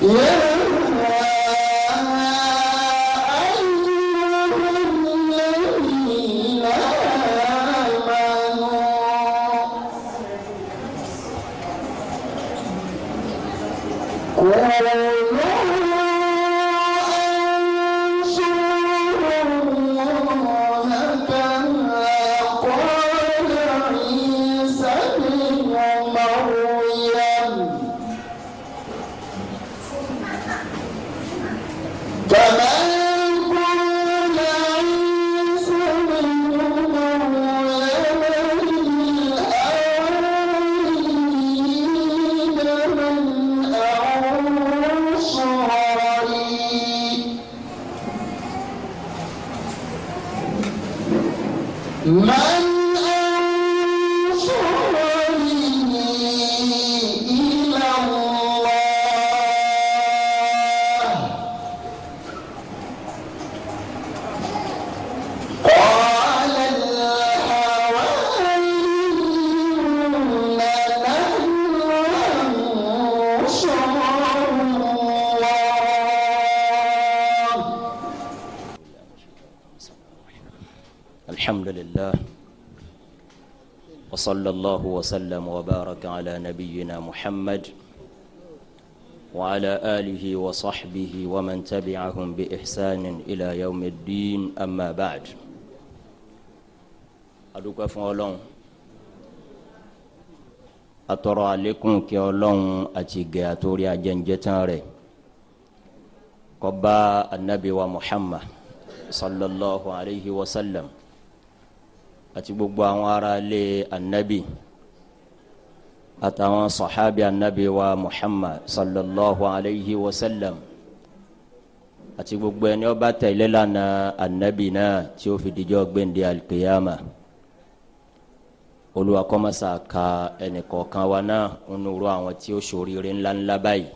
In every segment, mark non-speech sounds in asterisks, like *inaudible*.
Yeah. وصلى الله وسلم وبارك على نبينا محمد وعلى آله وصحبه ومن تبعهم بإحسان إلى يوم الدين أما بعد أدوك فولون أترى عليكم كيولون أتيجي جنجتاري قبا النبي ومحمد صلى الله عليه وسلم àti gbogbo àwọn ará ilé anabi àtàwọn sọ̀hábì anabi wa muhammad sallallahu alayhi wa sallam àti gbogbo ẹni ó bá tẹ̀lé lànà anabi náà tí ó fi dijọ́ gbẹ̀ndé alikiyama olúwa kó máa ṣà ka ẹnìkọ̀ọ̀kan wa náà ń àwọn tí ó ṣoríire ńláńlá báyìí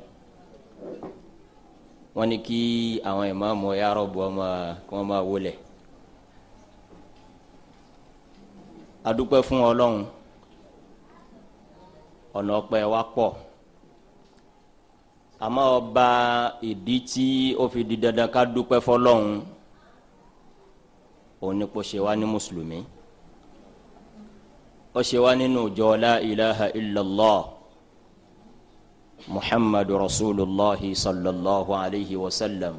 wọ́n ní kí àwọn ìmáàmù ya rọ̀bù ọmọ kí wọ́n máa wọlé. adúpẹ́ fún ọlọ́run ọ̀nà ọpẹ́ wa pọ̀ àmọ́ ọba ìdí tí ó fi di dandan ká dúpẹ́ fọlọ́run òun ni kò ṣe wá ní mùsùlùmí ó ṣe wá nínú ìjọ la ilaha illallah muhammadu rasulillahi sallallahu alayhi wa sallam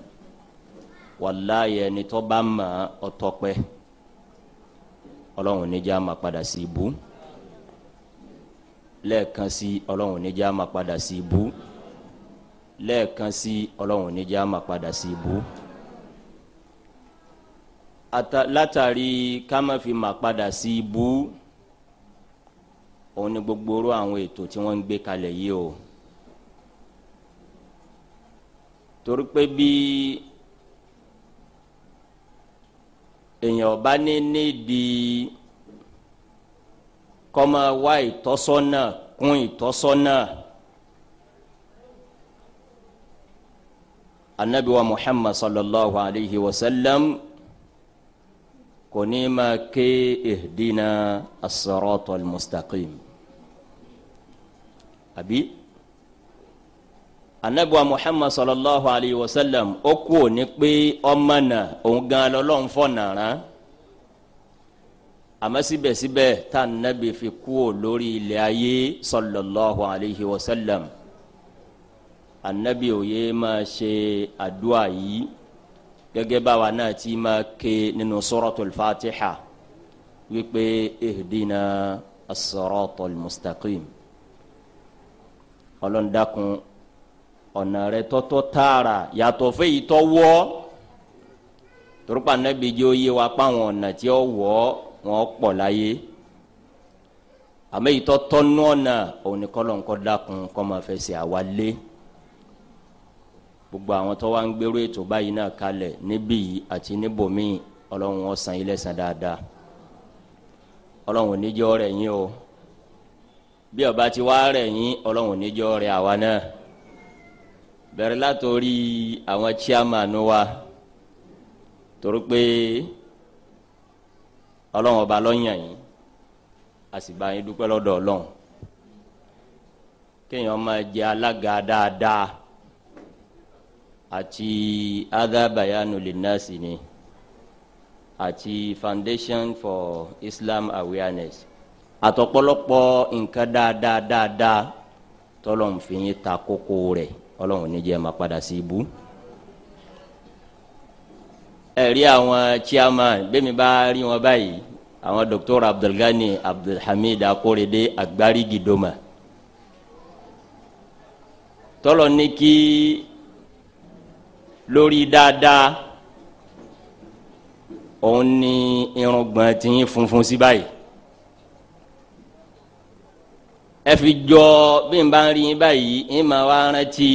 wàláyé ẹni tó bá mọ̀ ọ́ ọlọ́run níjà máa padà sí ibú lẹ́ẹ̀kan sí ọlọ́run níjà máa padà sí ibú lẹ́ẹ̀kan sí ọlọ́run níjà máa padà sí ibú látàrí ká má fi máa padà sí ibú òun ni gbogbo orú àwọn ètò tí wọ́n ń gbé kalẹ̀ yìí o torí pé bíi èèyàn ọba ní níbi kọ́mọ wá ìtọ́sọ́nà kún ìtọ́sọ́nà. anabi wa muhammad sallallahu alayhi wa sallam kò ní ma ké ihdina as mustaqim àbí anabiwa muhammad sallallahu alayhi wa sallam ó kú òní pé ọmọ náà òun gan lọ́lọ́run fọ̀ nàrà àmọ́ síbẹ̀síbẹ̀ tá a nàbì fi kú ò lórí ilẹ̀ ayé sallallahu alayhi wa sallam anabi òye máa ṣe àdúrà yìí gẹ́gẹ́ báwa náà ti máa ké nínú suratul fatiha wípé ihdina as-siratal mustaqim ọlọ́ndàkùn ọ̀nà rẹ tọ́tọ́ tààrà yàtọ̀ fẹ́yì tọ́ wọ́ torípa nẹ́bi jẹ́ oyé wa páwọn ọ̀nà tí ó wọ́ wọn pọ̀ láyé àmọ́ èyí tọ́ tọ́nú ọ̀nà òun ni kọ́lọ̀ ńkọ́ dákun kọ́ máa fẹ́ ṣe àwa lé gbogbo àwọn tó wá ń gbèrú ètò báyìí náà kalẹ̀ níbí yìí àti níbòmíì ọlọ́run ó san ilé san dáadáa ọlọ́run níjọ́ rẹ̀ yín o bí ọba ti wá rẹ̀ yín ọlọ́run níjọ́ rẹ̀ àwa náà bẹ̀rẹ̀ látòrí àwọn chairman wa torí pé ọlọ́run ọba lọ́yàn yìí a sì bá yín dúpẹ́ lọ́dọ̀ ọlọ́run kéèyàn máa jẹ alága dáadáa àti adábàyánu lìnàsì ni àti foundation for Islam awareness àtọ̀pọ̀lọpọ̀ nǹkan dáadáa dáadáa tọ́lọ̀ ń fi yín ta kókó rẹ̀ ọlọ́run ní jẹ́ máa padà sí ibú. ẹ̀rí àwọn chairman bẹ́ẹ̀ mi bá rí wọn báyìí àwọn Dr. Abdulgani Abdulhamid Akorede Agbarigidoma tọ́lọ̀ ní kí lórí dáadáa òun ní irùngbọ̀n tí ń funfun sí báyìí ẹ fi jọ bí n bá ń rí yín báyìí ń máa wá rántí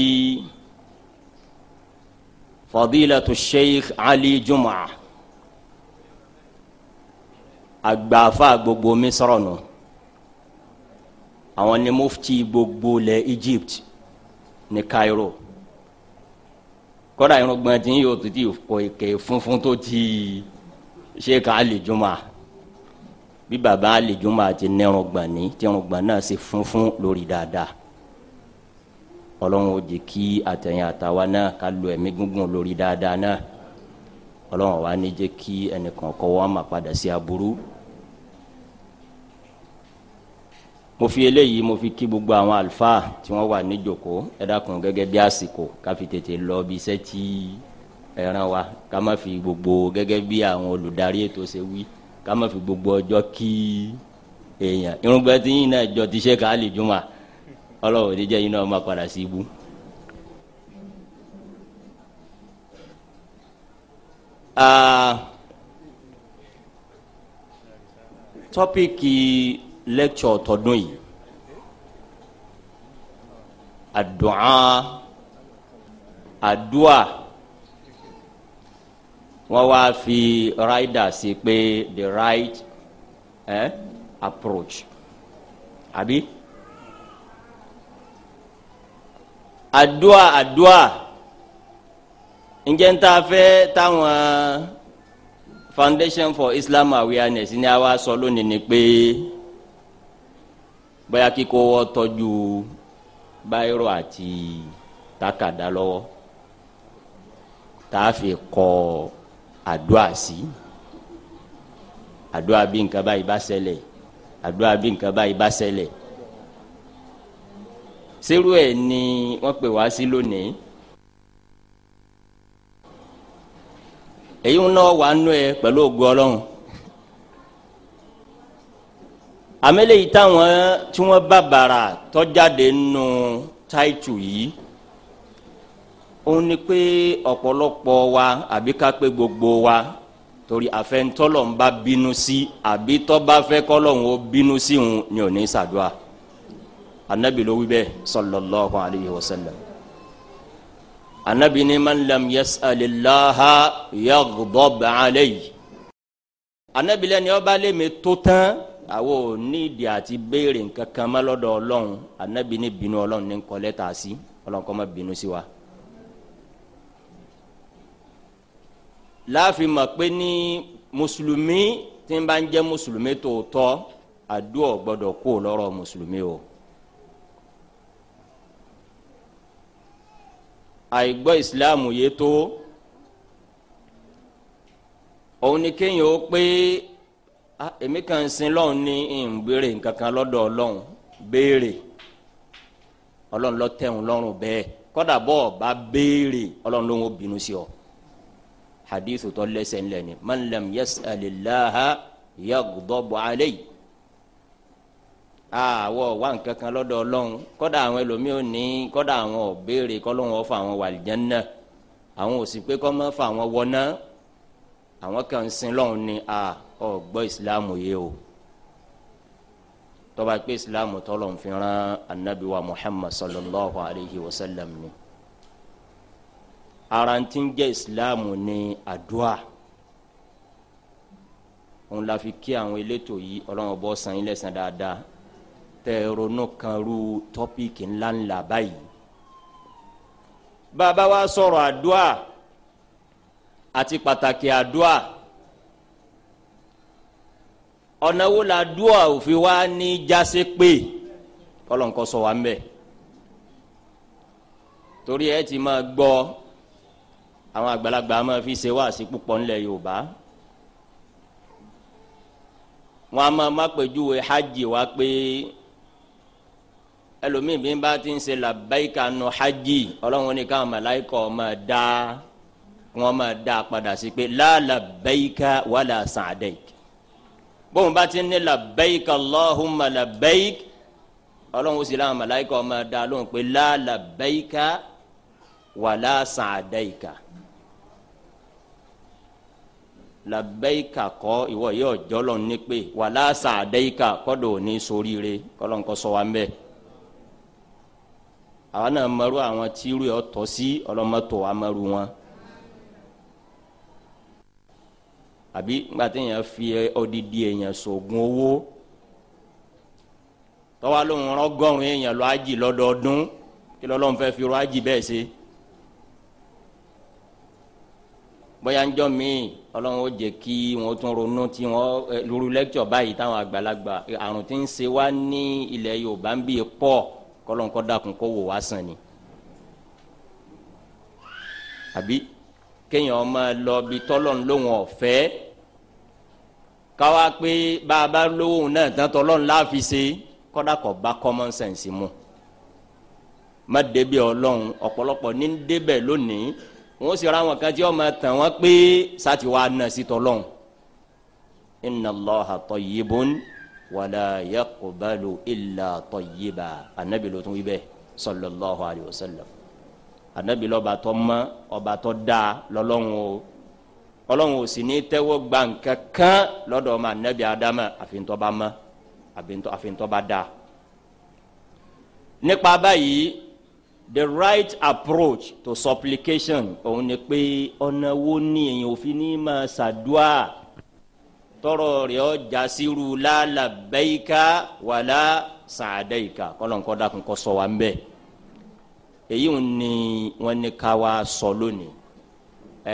fadilatu sheikh ali juma àgbààfà gbogbo misrọ̀ nù àwọn ni mufti gbogbo lẹ̀ Egypt ní Cairo kódà irun gbọ̀n yóò tó ti kò èké funfun tó ti sheikh ali juma bí baba alejuma àti nẹrun gbani tẹrun gbani náà ṣe funfun lórí dáadáa ọlọ́run ó jẹ́ kí àtẹ̀yìn àtàwa náà ká lo ẹ̀mí gúngùn lórí dáadáa náà ọlọ́run wa ní jẹ́ kí ẹnìkan kọ́ wa máa padà sí aburú. mo fi eléyìí mo fi kí gbogbo àwọn àlùfáà tí wọ́n wà níjókòó ẹ dákun gẹ́gẹ́ bí àsìkò ká fi tètè lọ bí iṣẹ́ tí ẹran wa ká má fi gbogbo gẹ́gẹ́ bí àwọn olùdarí ètò ṣe wí ká má fi gbogbo ọjọ́ kí èèyàn irungba tí yín náà jọ ti ṣe ká lè jùmọ̀ ọlọ́wọ́ òde jẹ́ yín náà má padà sí ibú. tọ́píìkì lẹ́kṣọ̀ tọdún yìí àdúà àdúà wọ́n wá fi rider sí pé the right eh, approach àbí adua, adua. ǹjẹ́ ń ta fẹ́ táwọn foundation for Islam awareness ni a wá sọ lónìí ni pé bóyá kíkó wọ́ tọ́jú báírò àti tákàdá lọ́wọ́ tá a fi kọ́ ọ àdúrà sí àdúrà bí nǹkan báyìí bá ṣẹlẹ̀ àdúrà bí nǹkan báyìí bá ṣẹlẹ̀ sẹ́rù ẹ̀ ni wọ́n pè wá sí lónìí èyí ń náà wà nú ẹ pẹ̀lú ògo ọlọ́run àmẹ́lẹ́yìí táwọn tí wọ́n bá bàrà tọ́jáde nù táìtù yìí òun ni pé ọ̀pọ̀lọpọ̀ wa àbí ká pé gbogbo wa torí àfẹntọ́lọ̀ ń bá bínú sí àbí tọ́ba fẹ́ kọ́lọ́hún ó bínú sí òun ni ò ní ṣàdúrà anabi ló wí bẹ́ẹ̀ sallallahu alayhi wa sallam anabi ni man lam yas'alillaha yaghdab alayhi anabi lẹ́ni ọba lèmi tó tán àwo nídìí àti béèrè nǹkan kan má lọ́dọ̀ ọlọ́run anabi ni bínú ọlọ́run ní kọ́lẹ́ta sí ọlọ́run kọ́ má bínú sí wa. láàfin mọ̀ pé ní mùsùlùmí tí ń bá ń jẹ́ mùsùlùmí tòótọ́ àdúrà gbọ́dọ̀ kó lọ́rọ̀ mùsùlùmí o. àìgbọ́ ìsìláàmù yé tó òun ni kéèyàn ó pé èmi kàn ń sin lọ́hùn ní ìgbére nǹkan kan lọ́dọ̀ ọlọ́hùn béèrè ọlọ́run ló lọ́rùn bẹ́ẹ̀ kọ́dà bọ́ọ̀ bá béèrè ọlọ́run ló ń bínú sí ọ hadithu tó lẹ́sẹ̀ ńlẹ̀ ni man lam yas'alillaha yaghdabu alayhi àwọ̀ wà nǹkan kan lọ́dọ̀ ọlọ́run kọ́dà àwọn ẹlòmíì ò ní kọ́dà àwọn ò béèrè kọ́lọ́run ọ̀fọ̀ àwọn wàlìjánná àwọn ò sì pé kọ́ mọ́ fà àwọn wọná àwọn kan ń sin lọ́run ni à ọ̀ gbọ́ ìsìláàmù yìí o tọ́ba pé ìsìláàmù tọ́lọ̀ ń anabiwa muhammad sallallahu alayhi wa sallam ni arantin jẹ́ ìsìláàmù ní àdúà òun la fi kí àwọn elétò yìí ọlọ́run ọbọ̀ san ilẹ̀ san dáadáa tẹ ronú kan ru tọ́píìkì ńláńlá báyìí bàbá wa sọ̀rọ̀ adua, àti pàtàkì adua, ọ̀nà wo la àdúà òfin wa ní jásé pé ọlọ́run kọ́ sọ wa ń bẹ̀ torí ẹ ti máa gbọ́ àwọn àgbàlagbà máa fi ṣe wáàsí púpọ̀ ńlẹ̀ yorùbá wọn a máa má pèjúwe hajj wa pé ẹlòmíì bí n bá ti ń ṣe làbáyíká nù hajj ọlọ́run ní káwọn màláìkọ̀ máa dá wọn máa dá padà sí pé làlàbáyíká wàlà sàdẹ̀k bóun bá ti ní làbáyíká Allahumma làbáyík ọlọ́run ó sì láwọn màláìkọ̀ máa dá lóhùn pé làlàbáyíká wàlà sàdẹ̀ká labẹ́yìká kọ́ ìwọ yóò jọlọ ní pé wàlá sàdẹ́yìká kọ́dọ̀ ní soríire kọ́lọ́nkọ́ sọ wa ń bẹ́ẹ̀ àwọn náà mọ̀rú àwọn tíru yọ tọ́ sí ọlọ́mọtò wa mọ̀rú wọn. àbí ńgbà téèyàn fi odidi èèyàn sògùn owó tọ́wá lóun rọ́gọ́rùn-ún èèyàn lọ́ájì lọ́dọọdún kí lọ́lọ́run fẹ́ fi rọ́ájì bẹ́ẹ̀ ṣe. bóyá ń jọ míì ọlọ́run ó jẹ́ kí wọ́n tún ronú tí wọ́n lóru lẹ́kítọ̀ báyìí táwọn àgbàlagbà àrùn tí ń ṣe wá ní ilẹ̀ yorùbá ń bí i pọ̀ kọ́lọ́n kọ́ dákun kó wò wá sàn ni. àbí kéèyàn máa lọ bí tọ́lọ́n lóun ọ̀fẹ́ káwá pé bá a bá lówó náà tán tọ́lọ́n láàfin ṣe kọ́dà kọ́ bá common sense mu. má débi ọlọ́run ọ̀pọ̀lọpọ̀ ní débẹ̀ lónìí wọn sì ra wọn kan tí wọn máa tàn wọn pé sátì wàá nà sí tọlọ́hún inna Allaha tayyibun wala yaqbalu illa tayyiba anabi ló tún wí bẹ́ẹ̀ sallallahu alayhi wa sallam anabi lọ́ba tó mọ́ ọba tó dáa lọ́lọ́hún o ọlọ́hún ò sì ní tẹ́wọ́ gba nǹkan kan ọmọ anabi adama àfihàn tó bá mọ́ nípa báyìí the right approach to supplication òun ni pé ọ̀nà wo ni èèyàn òfin ní máa ṣàdúà tọrọ rẹ̀ ọ jasiru lálà bẹ́yìíká wàlá sàdẹ́yìíká kọ́lọ́nkọ́ dákun kọ́ sọ wa ń bẹ́ẹ̀ èyí ń ní wọn ní ká wa sọ lónìí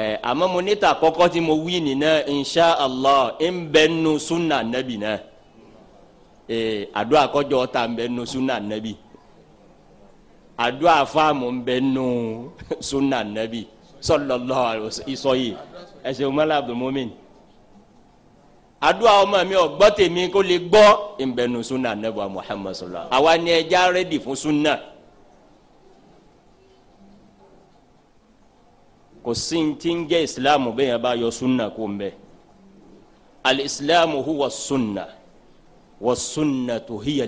ẹ àmọ́ mo níta kọ́kọ́ tí mo wí nìyẹn insha allah ń bẹ nu sunna nabi náà ẹ àdúrà kọjọ ta ń bẹ nu sunna nabi àdúrà fáàmù ń bẹ nù sunna nabi sallallahu alaihi wasallam ẹsẹ umala abdulmumin àdúrà ọmọ mi ò gbọ́ tèmi kó lè gbọ́ ń bẹ nù sunna nabi wa muhammad sallallahu àwa ni ẹja rẹ́dì fún sunna. kò sí ti ń jẹ́ ìsìláàmù bẹ́ẹ̀ yẹn bá yọ sunna kó ń bẹ huwa sunna wa sunna tó hiya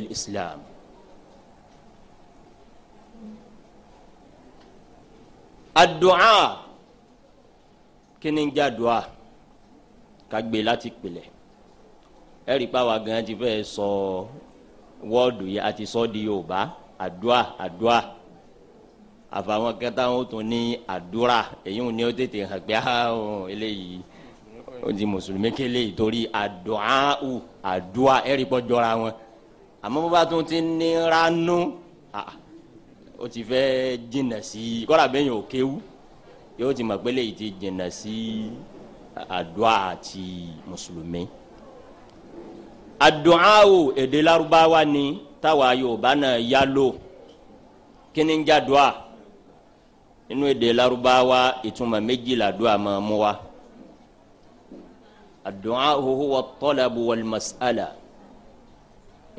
adu'a kini ja du'a ka gbe láti pilẹ̀ ẹ̀rí pa wa gan ti fẹ́ sọ wọ́ọ̀dù yìí àti sọ di yorùbá adu'a adu'a àfàwọn kẹta wọn tún ní àdúrà èyí wọn ni ó tètè hàn pé ahọ́n eléyìí ó di mùsùlùmí kele torí adu'a u adu'a ẹ̀rí pọ̀ jọra wọn àmọ́ bó bá tún ti ní ranú ó ti fẹ́ jìnnà sí i kọ́ra bẹ́ẹ̀ yẹn ò kéwu yóò ti mọ̀ pé lèyí ti jìnnà sí àdúà àti mùsùlùmí. àdúà o èdè lárúbáwá ni táwa yorùbá náà yá lò kí ń já àdúà nínú èdè lárúbáwá ìtumọ̀ méjì làdúà máa mú wa. àdúà huwa at-talabu wal mas'ala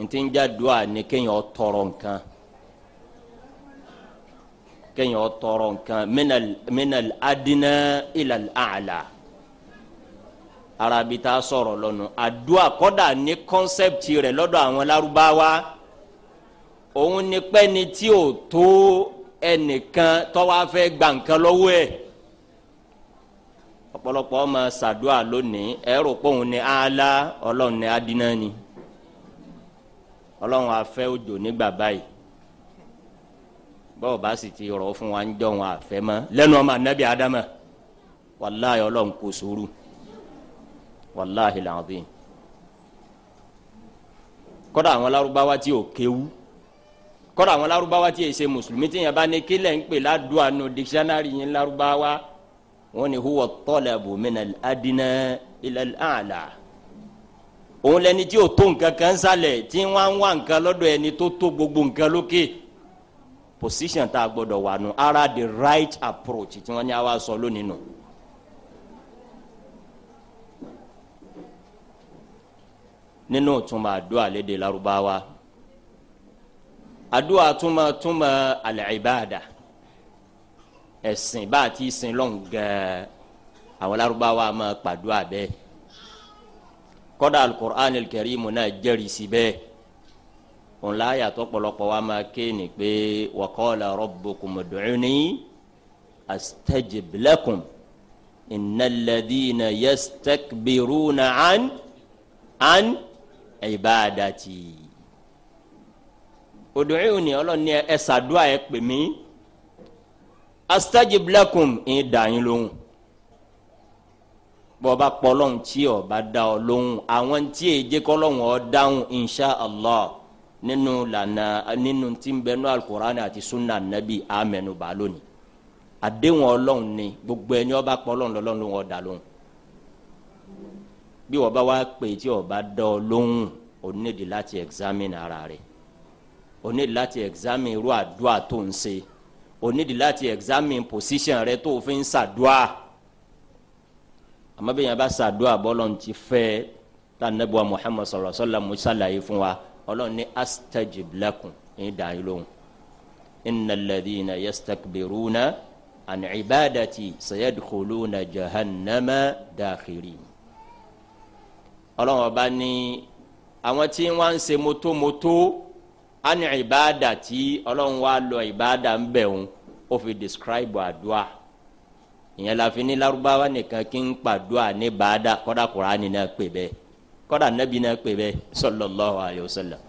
ntí ń já àdúà ni kéèyàn tọrọ nǹkan kẹ́yìn ọ̀tọ̀rọ̀ nǹkan minal adina ilal ala arabi ta sọ̀rọ̀ lọ́nu àdúà kọ́dà ní kọ́nsẹ́pìtì rẹ̀ lọ́dọ̀ àwọn Lárúbáwá òun ni pẹ́ni tí ò tó ẹnìkan tó wá fẹ́ gba nǹkan lọ́wọ́ ẹ̀ ọ̀pọ̀lọpọ̀ ọmọ ṣàdúà lónìí ẹ̀rọ pòun ni ala ọlọ́run ni adina ni ọlọ́run afẹ́ òjò nígbà báyìí bọ́ọ̀ bá sì ti rọ̀ fún wa ń jọ wọn àfẹ́ mọ́ lẹ́nu ọmọ anabi adama wàláyé ọlọ́run kò sóoru wàláyé làǹdín kọ́dà àwọn lárúbáwá tí ò kéwú kọ́dà àwọn lárúbáwá tí èsè mùsùlùmí tí yẹn bá ní kílẹ̀ ń pè ládùú àánú dikisánárì yẹn lárúbáwá wọn ni huwa talabu minal adina ilal a'la òun lẹni tí ò tó nǹkan kan sálẹ̀ tí wọ́n á ń wá nǹkan lọ́dọ̀ tó tó gbogbo nǹkan lókè position tá a gbọ́dọ̀ wà nù ara the right approach tí wọ́n ní a wá sọ lónìí nù. nínú túmọ̀ àdúrà lédè Lárúbáwá àdúrà túmọ̀ túmọ̀ al-ibada ẹ̀sìn bá a ti sin lọ́n gẹ́ẹ́ àwọn Lárúbáwá máa pàdúrà bẹ́ẹ̀ kọ́dà al-Qur'an al-Karim náà òun láyà tó pọ̀lọpọ̀ wa máa ké ni pé wa qala rabbukum ud'uni astajib lakum innal ladina yastakbiruna an an ibadati ud'uni ọlọ́ni ẹ ṣàdúrà ẹ pè mí astajib lakum ẹ dà yín lóhùn bọba pọlọ́n tí ó bá dá ọ lóhùn àwọn tí èjẹ́ kọ́lọ́hùn ọ nínú lana nínú tí ń bẹ nínú alukur'an sunna nabi amẹnu baalo ni àdéhùn ọlọ́run ni gbogbo ẹni ọba pọ̀ ọlọ́run lọ́lọ́run ló ń ọ̀dà lóhùn bí wọ́n bá wá pè tí ọba dán ọ lóhùn o nídi láti examine ara rẹ̀ o nídi láti examine irú àdúrà tó ń ṣe o nídi láti examine position rẹ̀ tó fi ń ṣàdúrà àmọ́ bí yẹn bá ṣàdúrà bọ́lọ́run ti fẹ́ tá a nẹ́bùa Muhammad sallallahu alaihi wasallam mú sàlàyé fún wa ọlọ́run ní astajib lakum ní dàáyé lóhùn innal ladhina yastakbiruna an ibadati sayadkhuluna jahannama dakhirin ọlọ́run ọba ní àwọn tí wọ́n ń ṣe mótómótó an ibadati ọlọ́run wa lọ ìbáàdà ń bẹ̀ ó fi describe àdúrà ìyẹn la fi ní lárúbáwá nìkan kí ń pàdúrà ní bàádà kọ́dà Kùránì náà pè bẹ́ẹ̀ kọ́dà nabi náà pè bẹ́ẹ̀ sallallahu alayhi wa sallam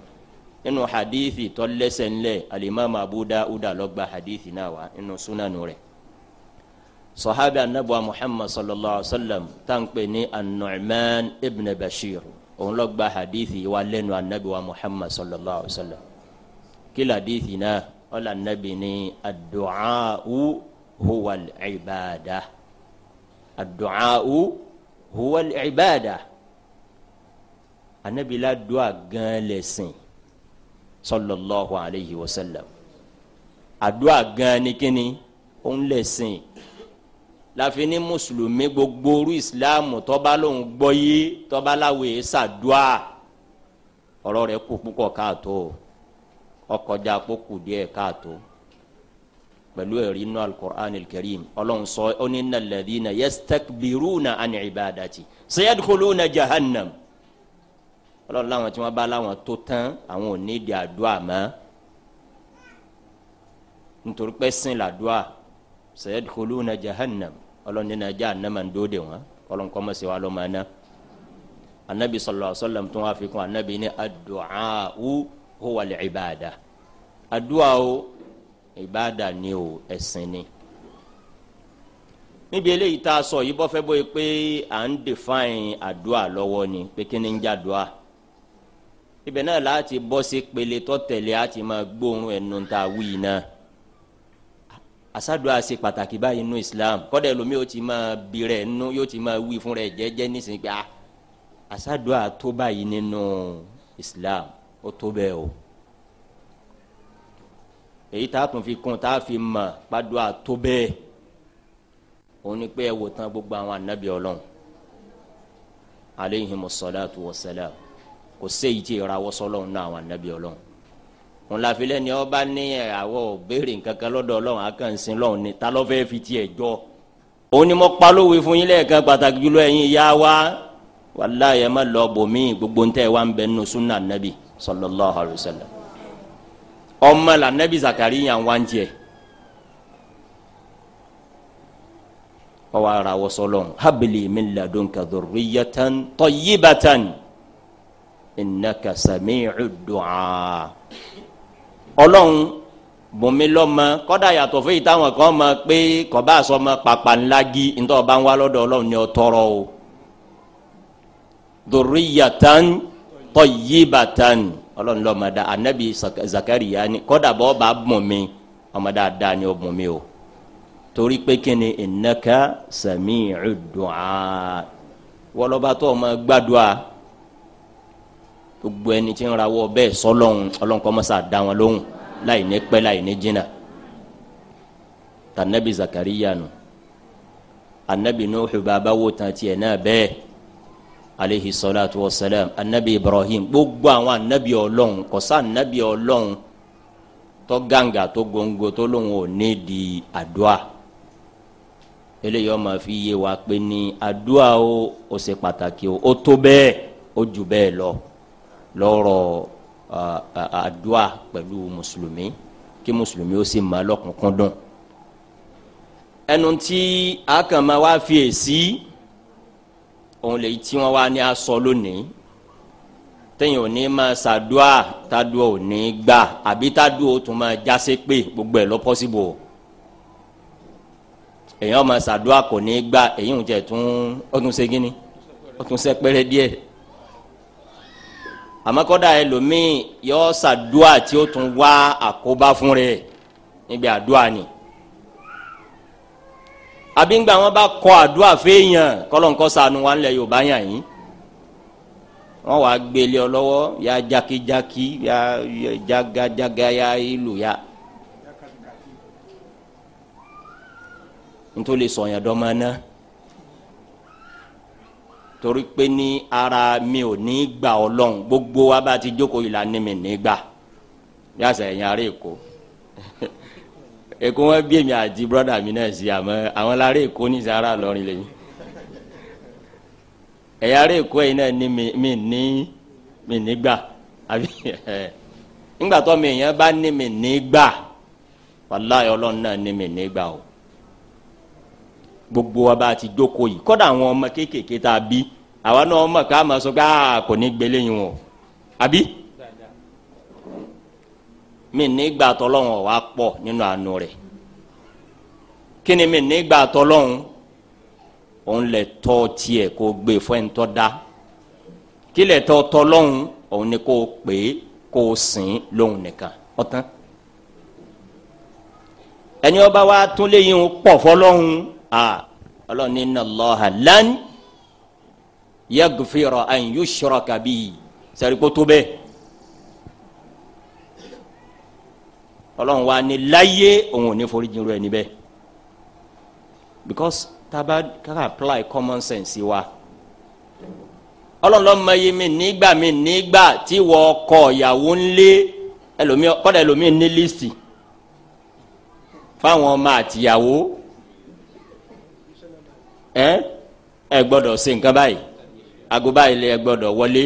nínú hadithi tó lẹ́sẹ̀ ńlẹ̀ alimami abu dauda ló gbà hadithi náà wá nínú sunanu rẹ̀ sahabi anabuwa muhammad sallallahu alayhi wa sallam tankpe ni an-nu'man ibn bashir òun ló gbà hadithi wá lẹ́nu anabiwa muhammad sallallahu alayhi wa sallam kila hadithi náà ọlà anabi ni ad huwa ibada ad huwa ibada anabila dua gan lẹsìn sallallahu alayhi wa sallam adua gan ni kini òun lẹsìn láfi ní mùsùlùmí gbogbo orú ìsìláàmù tọ́ba lòun gbọ́ yé tọ́ba láwòye sàdúà ọ̀rọ̀ rẹ̀ kú púpọ̀ káàtó ọkọjá kókù díẹ̀ káàtó pẹ̀lú ẹ̀rí inú alukur'an kẹrìm ọlọ́run sọ ọ́ ní innal ladhina yastakbiruna an ibadati sayadkhuluna jahannam ọlọ́run láwọn tí wọ́n bá láwọn tó tán àwọn ò ní di àdúrà mọ́ nítorí pé sin làdúrà sayadkhuluna jahannam ọlọ́run nínú ajá ànámà ń dóde wọn ọlọ́run kọ́ mọ̀ sí wa lọ́ máa anabi sallallahu alaihi wasallam tó wá fi kún anabi ní adu'a'u huwa al-ibada àdúrà o ìbáàdà ni o ẹ̀sìn ni níbi eléyìí tá a sọ yìí bọ́ fẹ́ bóyá pé à ń define àdúrà lọ́wọ́ ni pé kí ni ń jẹ́ àdúrà ibẹ̀ náà láti bọ́ sí pele tó tẹ̀lé àti máa gbóòórùn ẹnu tá a náà asadu ase pàtàkì báyìí nínú Islam kọ́dà ẹlòmí yóò ti máa bi rẹ̀ nínú yóò ti máa wí fún rẹ̀ jẹ́jẹ́ nísìnyí pé asadu ah, àtó báyìí nínú Islam ó tó bẹ́ẹ̀ o èyí tá a tún fi kún tá a fi mọ̀ pàdó àtó bẹ́ẹ̀ òun ni pé ẹ wò tán gbogbo àwọn anabi Ọlọ́run aleyhimu salatu wa salam kò séyìí tí ìrawọ́ sọlọ́run náà àwọn ànábì ọlọ́run wọn la fi lẹ́ni ọba ní àwọ̀ béèrè nkankan lọ́dọ̀ ọlọ́run akànsin lọ́run ni ta ló fẹ́ fi tiẹ̀ jọ òun ni mo palówe fún yín lẹ́ẹ̀kan pàtàkì jùlọ ẹ̀yin ìyá wa wàláyé má lọ bòmí gbogbo ntẹ́ wa ń bẹ nínú sunna nabi sallallahu alayhi wa sallam ọmọ la nabi Zakariya ń wá ń tiẹ̀ ọwọ́ ara wọ́sọ́ habili min ladunka dhurriyatan tayyibatan innaka sami'u du'a ọlọ́run bùnmi lọ́mọ kọ́dà yàtọ̀ fún ìtàwọn kan mọ̀ pé kọ́bá sọmọ pàpà ńlá gi ntọ́ bá ń wá lọ́dọ̀ ọlọ́run ni ọ tọrọ o durriyatan tayyibatan ọlọ́run lọ́mọ da anabi zakariya ni kọ́dà bọ́ bá bùnmi ọmọ dáadáa ni ó bùnmi o torí pé kíni innaka sami'u du'a wọlọ́ba tó ọmọ gbàdúrà gbogbo ẹni tí ń rawọ́ bẹ́ẹ̀ sọ́lọ́hún ọlọ́run kọ́ mọ́sá dá wọn lóhùn láì ní pẹ́ láì ní jìnnà tànẹ́bí zakariya nù anabi nuhu baba wo tan tiẹ̀ náà bẹ́ẹ̀ aleyhi salatu wa anabi ibrahim gbogbo àwọn anabi ọlọ́run kọ́sá anabi ọlọ́run tó gàǹgà tó gongo tó lóhùn ò ní di adua. eléyìí ọmọ fi yé wa pé ní àdúrà o ó ṣe pàtàkì o ó tó bẹ́ẹ̀ ó jù bẹ́ẹ̀ lọ lọ́rọ̀ àdúà pẹ̀lú mùsùlùmí kí mùsùlùmí ó sì máa lọ́kùnkúndùn ẹnu tí a kàn máa wá fi èsì òun lè tí wọn wá ní asọ lónìí tẹ̀yìn òní máa ṣàdúà tàdúà òní gbà àbí tàdúà ó tún máa jásé pé gbogbo ẹ̀ lọ pọ́síbò èèyàn máa ṣàdúà kò ní gbà èyí ń jẹ́ tún ọdún ṣe gíní ọdún ṣe pẹ́rẹ́ àmọ́kọ́dà ẹlòmíì yọ ṣàdúà tí ó tún wá àkóbá fún rẹ̀ nígbà àdúà ni àbí ńgbà wọn bá kọ àdúà fẹ́yàn kọ́lọ́nkọ́ sànù wa ńlẹ̀ Yorùbá yàn yín wọn wàá gbélé ọ ya jákijáki ya jagajaga ya ìlú ya ntọ́ lè sọ̀yàn náà torí pé ní ara mi ò ní gbà ọlọ́run gbogbo wa bá ti jókòó yìí la ní mi ní gbà yàtọ̀ ẹ̀yìn ará èkó *laughs* èkó wọn bí èmi àti brọ́dà mi náà sí àmọ́ àwọn ará èkó ní sahara lọ́rin lẹ́yìn ẹ̀yà ará èkó yìí náà ní mi ní mi ní gbà àbí *laughs* tó mi èèyàn bá ní mi ní gbà wàláyọ̀ ọlọ́run náà ní mi ní gbà o gbogbo wa bá ti jókòó yìí kọ́dà àwọn ọmọ kéékèèké tá a bí àwa náà ọmọ ká máa sọ pé a ah, kò ní gbélé yín wọn àbí mi nígbà tọ́lọ́hún wa pọ̀ nínú àánú rẹ̀ kí ni mi nígbà tọ́lọ́hún òun lè tọ́ tiẹ̀ kó gbé fún ẹni tọ́ da kí lè tọ́ tọ́lọ́hún òun ni kó pè é kó sìn lóhun nìkan ọ̀tán ẹni ọba wa tún lè yín pọ̀ fọlọ́hún a ah, Ọlọ́run ní inna Allaha lan yaghfira an yushraka bihi sẹrikó tó bẹ Ọlọ́run wa ni láyé òun ò ní forí jìn irú ẹni bẹ́ẹ̀ because taba kaka apply common sense wa Ọlọ́run ló mọ mi nígbà mi nígbà tí wọ́n kọ ìyàwó ńlé ẹlòmíì kọ́dà ẹlòmíì ní lísì fáwọn ọmọ àtìyàwó ẹ ẹ gbọ́dọ̀ nǹkan báyìí aago báyìí lẹ wọlé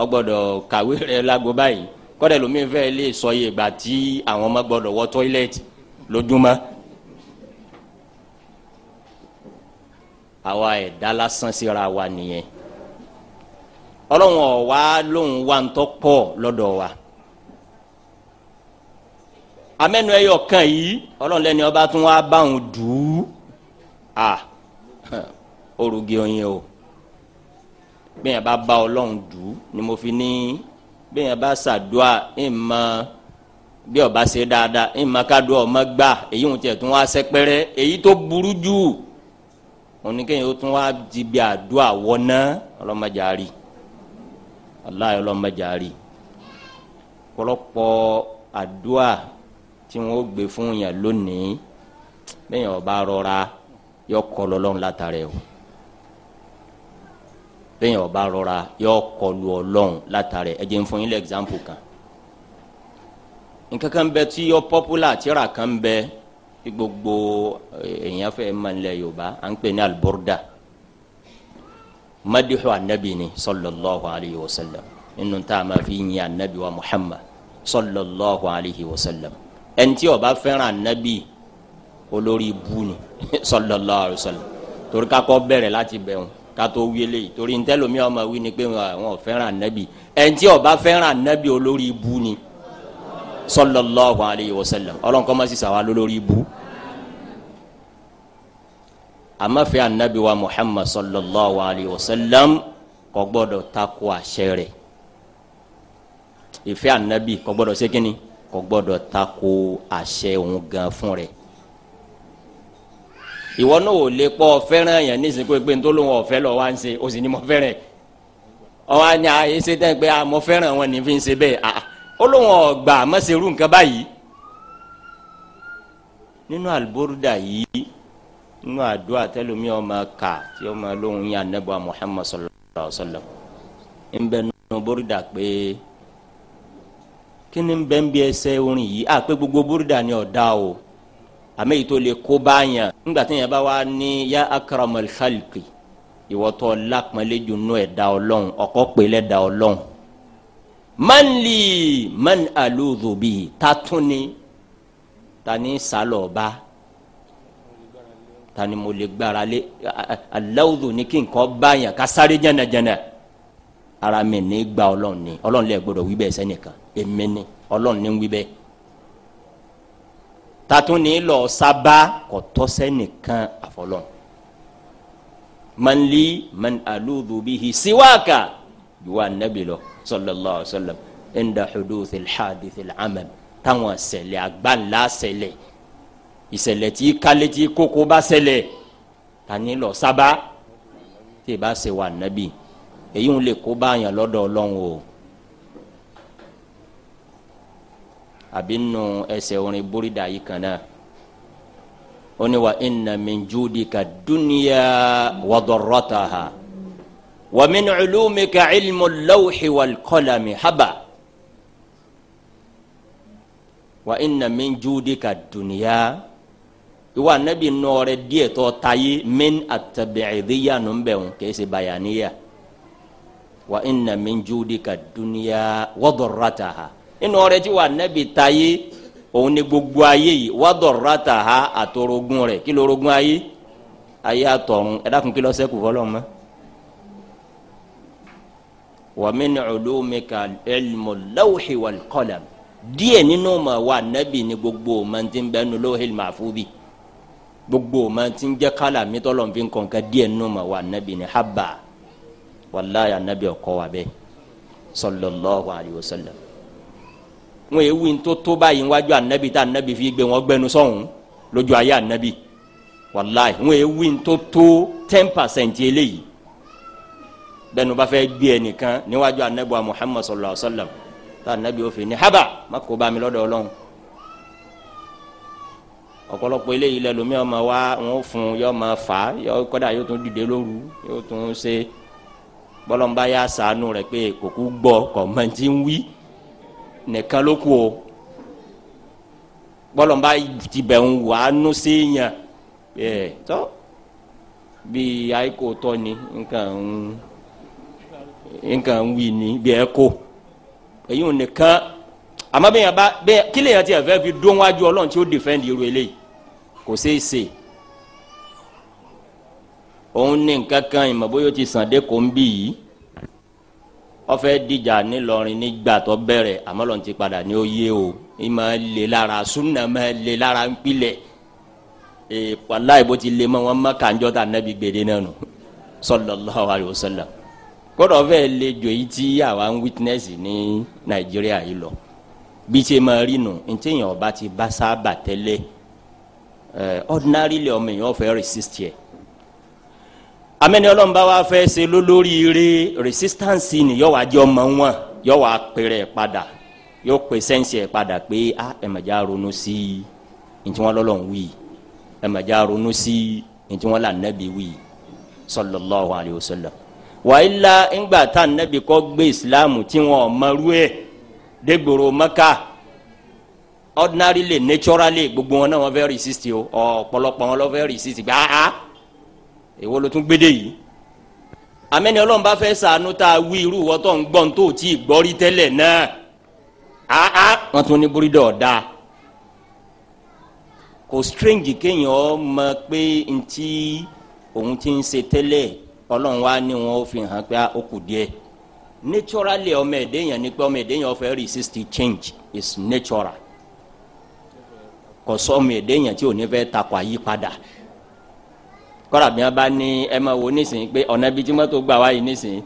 ọ gbọ́dọ̀ kàwé rẹ láago báyìí lè sọ yìí ìgbà tí àwọn ọmọ gbọ́dọ̀ wọ tọ́ílẹ̀tì lójúmọ́. àwa lásán síra wa nìyẹn ọlọ́run ọ̀wá lóun wá ń wa ẹyọ kan yìí ọba tún dùú orugi oyin o bẹ́ẹ̀ bá bá ọlọ́run dù ú ni mo fi ní bẹ́ẹ̀ bá ṣàdúà ìmọ̀ bí ọba ṣe dáadáa ìmọ̀ kádùá ọmọ gbà èyí ń tiẹ̀ tún wá sẹ́pẹ́rẹ́ èyí tó burú jù oníkẹ́yìn ó tún wá di bí àdúà wọná ọlọ́mọdé àárí aláì ọlọ́mọdé àárí pọ̀lọpọ̀ àdúà tí wọn ó gbé fún yàn lónìí bẹ́ẹ̀ ọba rọra yọ lọ́lọ́run látàrí o bẹ́ẹ̀ yẹn ọba rọra yọ kọlu ọlọ́run látàrí ẹ jẹ́ n fún yín lé ẹ̀gzámpù kan nǹkan bẹ tí yọ popular tíra kan bẹ gbogbo eh, èèyàn fẹ́ mọ̀ nílẹ̀ yorùbá à ń pè ní aliborda madihu anabi ni sallallahu alayhi wa sallam inú tá a fi yin anabi wa muhammad sallallahu alayhi wa sallam ẹni tí fẹ́ràn anabi olórí ibu ni *laughs* sallallahu alayhi wa sallam torí kakọ bẹ̀rẹ̀ láti bẹ̀ kátó wílé torí ntẹ́lomi ọmọ wí ni pé wọn fẹ́ràn anabi ẹnití ọba fẹ́ràn anabi olórí ibu ni sallallahu alayhi wa sallam ọlọ́nkọ́ ma sisan wa lórí ibu amafẹ́ anabi wa muhammad sallallahu alayhi wa sallam kò gbọ́dọ̀ takò àṣẹ rẹ̀ ìfẹ́ anabi kò gbọ́dọ̀ ṣe kíni kò gbọ́dọ̀ takò àṣẹ òun gan fún rẹ̀ ìwọ náà ò lè pọ fẹ́ràn yẹn nísìnyí pé pé nítorí wọn ọ̀fẹ́ lọ wá ń ṣe o sì mo fẹ́ràn ọwọ ni àyè ṣe dẹ́n pé ah, mo fẹ́ràn wọn ní fi ń ṣe bẹ́ẹ̀ à ah, ah. ó lóun ọ̀gbà mọ́sẹ̀rú nǹkan báyìí nínú àlùbọ́rúdà yìí nínú àdúrà tẹlumi ọmọ ká tí ọmọ lóhun yẹn anabu Muhammad sallallahu alaihi wa sallam ń bẹ nínú bọ́rúdà pé kí ni ń bí ẹsẹ̀ orin yìí à gbogbo bọ́rúdà ni ọ̀dà o àmọ́ èyí tó lè kó báyàn nígbà tí yẹn bá wá ní yá akramal khalqi ìwọ́tọ̀ lápọ̀nlẹ́jù nú ẹ̀dá ọlọ́run ọ̀kọ́ pé lẹ́dá ọlọ́run man li man aludhu tatuni tani salọba tani mo lè gbára lé alawudu ni kí nǹkan báyàn ká sáré jẹnẹjẹnẹ ara mi gba ọlọ́run ni ọlọ́run lè gbọdọ̀ wí bẹ́ẹ̀ sẹ́nìkan èmi ni ọlọ́run Tatuni ni lọ sábà kọtọsẹ nìkan àfọlọ manli man aludhu siwaka juwa nabi lọ sallallahu alaihi wa sallam inda huduthi alhadithi al'amal táwọn ṣẹlẹ̀ agbanla ṣẹlẹ̀ ìṣẹlẹ̀ tí kálẹtì kókó bá ṣẹlẹ̀ tani lọ sábà tiba ì bá nabi èyí ń lè kó báyàn lọ́dọ̀ Ọlọ́run o. àbí nù ẹsẹ̀ orin búrídà yìí kan náà ó ní wa inna min judika dunya wa darrataha wa min ulumika ilmu lawhi wal qalami haba wa inna min judika dunya iwa anabi nọọrẹ díẹ̀ tọ tayi min atabiẹdiya numbẹn kese bayaniya wa inna min judika dunya wa darrataha inú ọrẹ tí wà nẹbi ta yé òun ni gbogbo ayé yìí wàdọ̀rọ̀ ta ha àtọ̀rọ̀gùn rẹ̀ kí lorogún ayé ayé àtọ̀run ẹ dákun kí ló ṣẹ́kù fọlọ́ mọ́. wàmín ulumika ilmu lawhi wal qalam díẹ̀ nínú ma wà nẹ́bi ni gbogbo mọ̀ntí bẹ́ẹ̀ nu lawhil mahfubi gbogbo mọ̀ntí jẹ́ kálá mitọ́lọ̀ fi kọ̀ǹkẹ́ díẹ̀ nínú ma wà nẹ́bi ni habba wàláyà nẹ́bi ọkọ wa bẹ́ẹ̀ sallallahu alayhi wa sallam wọn èwu tó tó báyìí wájú anabi tá anabi fi gbé wọn gbẹnu sọhùn lójú ayé anabi wàláyé wọn èwu tó tó ten percent eléyìí bẹẹni bá fẹ́ gbé ẹnìkan níwájú anabi wa muhammad sallallahu alaihi wa sallam tá anabi ó fi ní haba má kó bá mi lọ́dọ̀ Ọlọ́run ọ̀pọ̀lọpọ̀ eléyìí lẹ lomi ọmọ wa wọn fún yọ ma fà yọ kọ́dà yóò tún dìde lóru yóò tún ṣe bọ́lọ́mbá yà sànù rẹ̀ pé kòkú gbọ́ kọ́ mẹ́ntì ń wí nìkan ló kù o bọ́lọ̀mbá ti bẹ̀ ń wà á nú sí yàn ẹ̀ tọ́ bí àìkò tọ́ ni nǹkan ń nǹkan ń wí ni bí ẹ kó èyí ò nìkan àmọ́ bẹ́ẹ̀ yẹn bá bẹ́ẹ̀ kí lèyàn ti ẹ̀fẹ́ fi dún wájú ọlọ́run tí ó dìfẹ́ǹdì irú eléyìí kò ṣeé ṣe òun ní nǹkan kan ìmọ̀ bóyá ó ti sàn dé kò ń bì yìí. ọfẹ dìjà ńìlọrin nígbà tó bẹ̀rẹ̀ àmọ́ ti padà ní oyé o ìmọ̀ lè lára súnà mọ̀ lè lára ti lè mọ wọn mọ kànjọ́ ta nẹ́bi gbèdé náà nù kódà ọfẹ lè jọ yìí tí àwa ń witness ní nàìjíríà yìí lọ bí rí ntẹ̀yìn ọba ti bá sábà tẹ́lẹ̀ ọmọ èèyàn amẹ́ni ọlọ́run bá wa fẹ́ ṣe lólórí resistance ni yọ wá jẹ́ ọmọ wọn yọ wá pèrè ẹ̀ padà yọ pè sẹ́ǹsì ẹ̀ padà pé a ah, ẹ̀mẹ̀já ronú sí ntí wọn lọ́lọ́run wí ẹ̀mẹ̀já ronú sí ntí wọn là nẹ́bi wí sallallahu alayhi wa sallam wàhálà ńgbà tá nẹ́bi kọ́ gbé islam tí wọn mọ̀rú ẹ̀ dégboro mẹ́ka ordinarily naturally gbogbo wọn náà wọn fẹ́ resist o ọ̀pọ̀lọpọ̀ wọn lọ fẹ́ resist gbàá èwo ló tún gbédè yìí amẹ́ni ọlọ́run bá fẹ́ sànú tá a wí irú wọ́n tó ń gbọ́n tó tí ì gbọ́rí tẹ́lẹ̀ náà áá wọ́n tún ní búrídọ̀ ọ̀dà kò strange kéèyàn mọ pé ntí òun ti ń ṣe tẹ́lẹ̀ ọlọ́run wá ní wọn fi hàn pé ah, ó kù díẹ̀ naturally ọmọ ẹ̀dẹ́yàn ni pé ọmọ ẹ̀dẹ́yàn fẹ́ resist change is natural kò sọ ọmọ ẹ̀dẹ́yàn tí ò ní fẹ́ takò àyípadà kọ́ra bí wọ́n bá ní ẹ máa wo nísìnyí pé ọ̀nà bíi tí mọ́tò gbà wá yìí nísìnyí